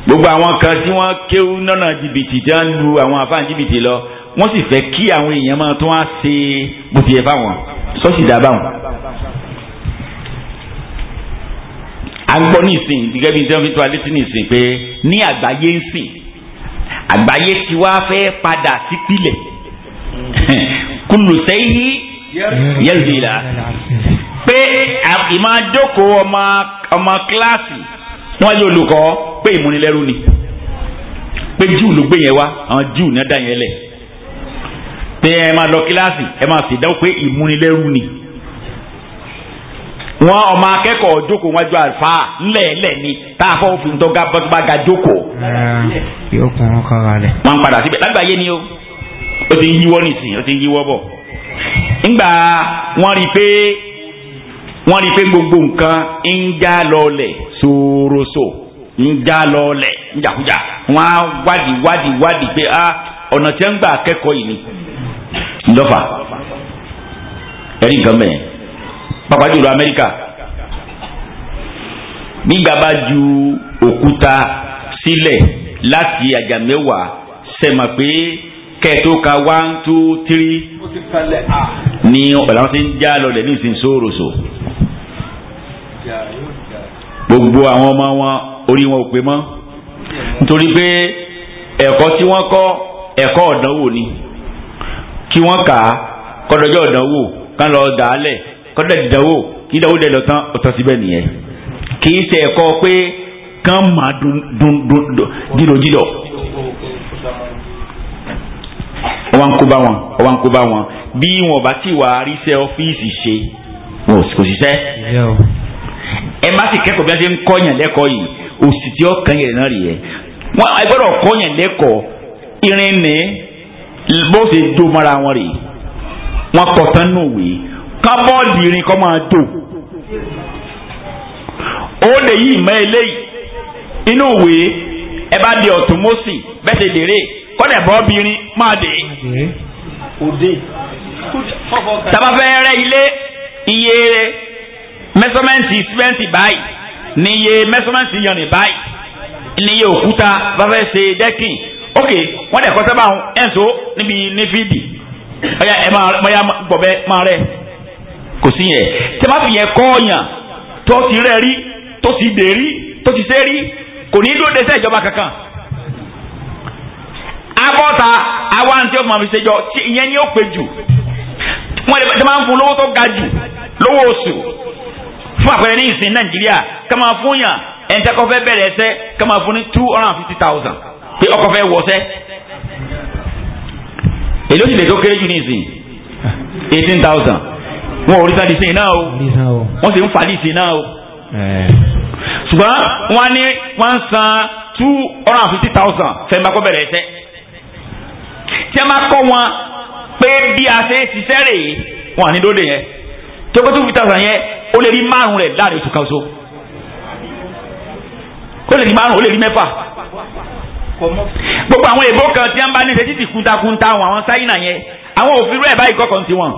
gbogbo àwọn kan tí wọ́n kéwú nọ́nà jìbìtì tí wọ́n lu àwọn afáàn jìbìtì lọ wọ́n sì fẹ́ kí àwọn èèyàn máa tún wá ṣe bó ti yẹ fáwọn sọ́ọ̀sì dábàá wọn. a ń gbọ́ nísìn gẹ́gẹ́ bí jẹ́wọ́n fi tó alẹ́ sí nísìn pé ní àgbáyé ń sìn àgbáyé tí wàá fẹ́ padà sí pilẹ̀ kùlùsẹ́yìn yẹ́lùdìlà pé ìmájókòó ọmọ kíláàsì wọ́n yí olùkọ́ pé ìmúnilẹ́rú ni pé jíù ló gbé yẹn wá àwọn jíù ní ọ̀dà yẹn lẹ̀ pé ẹ máa lọ kíláàsì ẹ máa sì dáwọ́ pé ìmúnilẹ́rú ni wọn ọmọ akẹ́kọ̀ọ́ jókòó wájú àlùfà ńlẹ̀ẹ́lẹ̀ ni tá a fọwọ́ fi ń tọ́ga bọ́túbága jókòó. yóò kún wọn kára rẹ. wọn padà síbẹ̀ lágbàáyé ni o ó ti ń yíwọ́ nìsín ó ti ń yíwọ́ bọ̀. ńgbà wọ́n rí i pé wọ́n rí i pé gbogbo nǹkan ń já lọlẹ̀ sòròsò ń já lọlẹ̀ níjàkújà wọ́n á wádìí wádìí wádìí pé a ah, ọ̀nà tí wọ́n ń gbà kẹ́kọ̀ọ́ yìí ni lọ́fà ẹ̀rí nǹkan mẹ́ẹ̀ pápá jùlọ Amẹ́ríkà gbígbà bá ju òkúta sílẹ̀ láti àjà mẹ́wàá sẹ́mà pé kẹ́ẹ̀tó ka one two three ah. ní ọ̀làwọ́n ti ń já lọlẹ̀ ní ìsìn gbogbo àwọn ọmọ wọn orí wọn ò pé mọ́ nítorí pé ẹ̀kọ́ tí wọ́n kọ́ ẹ̀kọ́ ọ̀dánwò ni kí wọ́n kà á kọ́dọ̀jọ́ ọ̀dánwò kán lọ dàálẹ̀ kọ́dọ̀ ìdánwò kí ìdánwò dẹ̀ lọ tán ọ̀tọ̀ síbẹ̀ nìyẹn kì í ṣe ẹ̀kọ́ pé kán máa dìdòjìdọ̀ wọ́n ń kó bá wọn wọ́n ń kó bá wọn bí wọn bá ti wà á ríṣẹ́ ọ́fíìsì ṣe wọn kò ṣiṣẹ́ ẹ má sì kẹ́kọ̀ọ́ bí wọ́n ṣe ń kọ́yàn lẹ́kọ̀ọ́ yìí òsì tí ó kàn yẹn náà rí ẹ wọn ẹ gbọ́dọ̀ kọ́yàn lẹ́kọ̀ọ́ irin ní bó ṣe do mọ́ra wọn rè wọn kọ̀ tán nù wé kábọ́ọ̀dì irin kọ́ máa dò ó lè yí ìmọ̀ eléyìí inú ìwé ẹ bá di ọ̀tún mọ́sì bẹ́ẹ̀ ṣe dèrè kọ́dẹ̀ bọ́ bìrin ilé iye rẹ̀ mẹsọmẹǹtì sìmẹǹtì báyìí níye mẹsọmẹǹtì yanrìn báyìí níye òkúta bàbá ṣe dẹ́kìn ok wọ́n dẹ̀ kọ́sẹ́ báwọn ẹ̀ǹso níbi ní fídì ọ̀yà ẹ̀ máa bọ́yá gbọ̀bẹ máa rẹ̀ kò sí yẹn tí a bá fi yẹn kọ́ ọ̀yàn tó ti dè rí tó ti sẹ́ kò ní dúró dẹ́sẹ̀ ìjọba kankan abọ́ta awa ntí o máa fi ṣe jọ ìyẹn ni ó pé jù wọ́n dẹ̀ máa lówó tó ga jù lówó oṣù fún àpẹẹrẹ ní ìsìn nàìjíríà ká máa fún yàn ẹni tẹ́kọ̀ fẹ́ bẹ̀rẹ̀ ẹsẹ̀ ká máa fún ní two hundred and fifty thousand pé ọkọ̀ fẹ́ wọ̀ọ́sẹ́ èló sì lè tó kéré jù ní ìsìn eighteen thousand wọn ò rí sáà ìsìn náà o wọn sì ń fà ní ìsìn náà o eh. ṣùgbọ́n wọn ní wọn san two hundred and fifty thousand fẹ́ẹ́ máa kọ́ bẹ̀rẹ̀ ẹsẹ̀ tí a máa kọ́ wọn pé bí a ṣe ń ṣiṣẹ́ rèé wọn à ní dóde yẹn tókó tó fi tàwọn sàn yẹn ó lè rí márùn rẹ̀ láàrin oṣù kan so ó lè rí márùn ó lè rí mẹ́fà gbogbo àwọn èèbó kan tí wọ́n bá ní ṣe títí kuntakunta àwọn àwọn sáyìnà yẹn àwọn òfin rẹ̀ báyìí kọ́kọ́ ti wọn.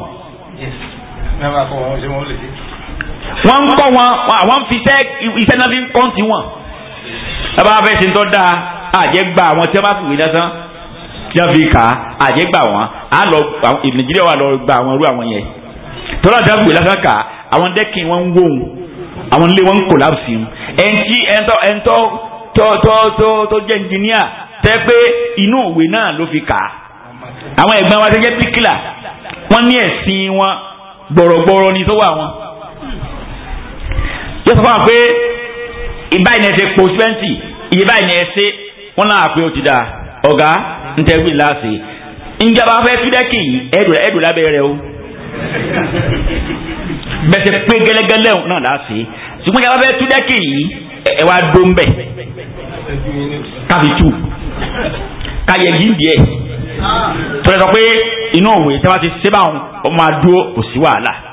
wọ́n ń kọ́ wọn àwọn fi iṣẹ́ iṣẹ́ náà fi ń kọ́ ti wọn. bàbá fẹ́ ṣe ń tọ́ da àjẹgbà àwọn tí wọ́n bá fìwé lásán tí wọ́n fi kà á àjẹgbà wọn á lọ Nàìjíríà wà lọ gba àwọn irú àwọn yẹn. tọ́lá dábìgbé lásán kà àwọn dẹ́kin wọn ń wóhùn àwọn ilé wọn ń kòlápsì ẹ̀ńtí ẹ̀ńtọ́ ẹ̀ńtọ́ tọ́tọ́tọ́ jẹ́ ẹnjìníà tẹ́ pé inú òwe náà ló fi kà á àwọn ẹ̀gbọ́n wa ti jẹ́ píkìlà ní ẹ̀sìn wọn gbọ̀rọ̀gbọ̀rọ̀ ni tó wà wọn. yóò sọ fún wa pé twenty wọ́n náà pé ó ti ọ̀gá bẹsẹ pé gẹlẹgẹlẹ náà la ṣe ṣùgbọ́n yàrá bẹ tú dẹ́kì yìí ẹ wá dó ń bẹ̀ káfi tú ká yẹ yìí díẹ̀ tọ́lẹ̀ sọ pé inú òwe tí wọ́n ti ṣe báwọn ọmọ adúró kò sí wàhálà.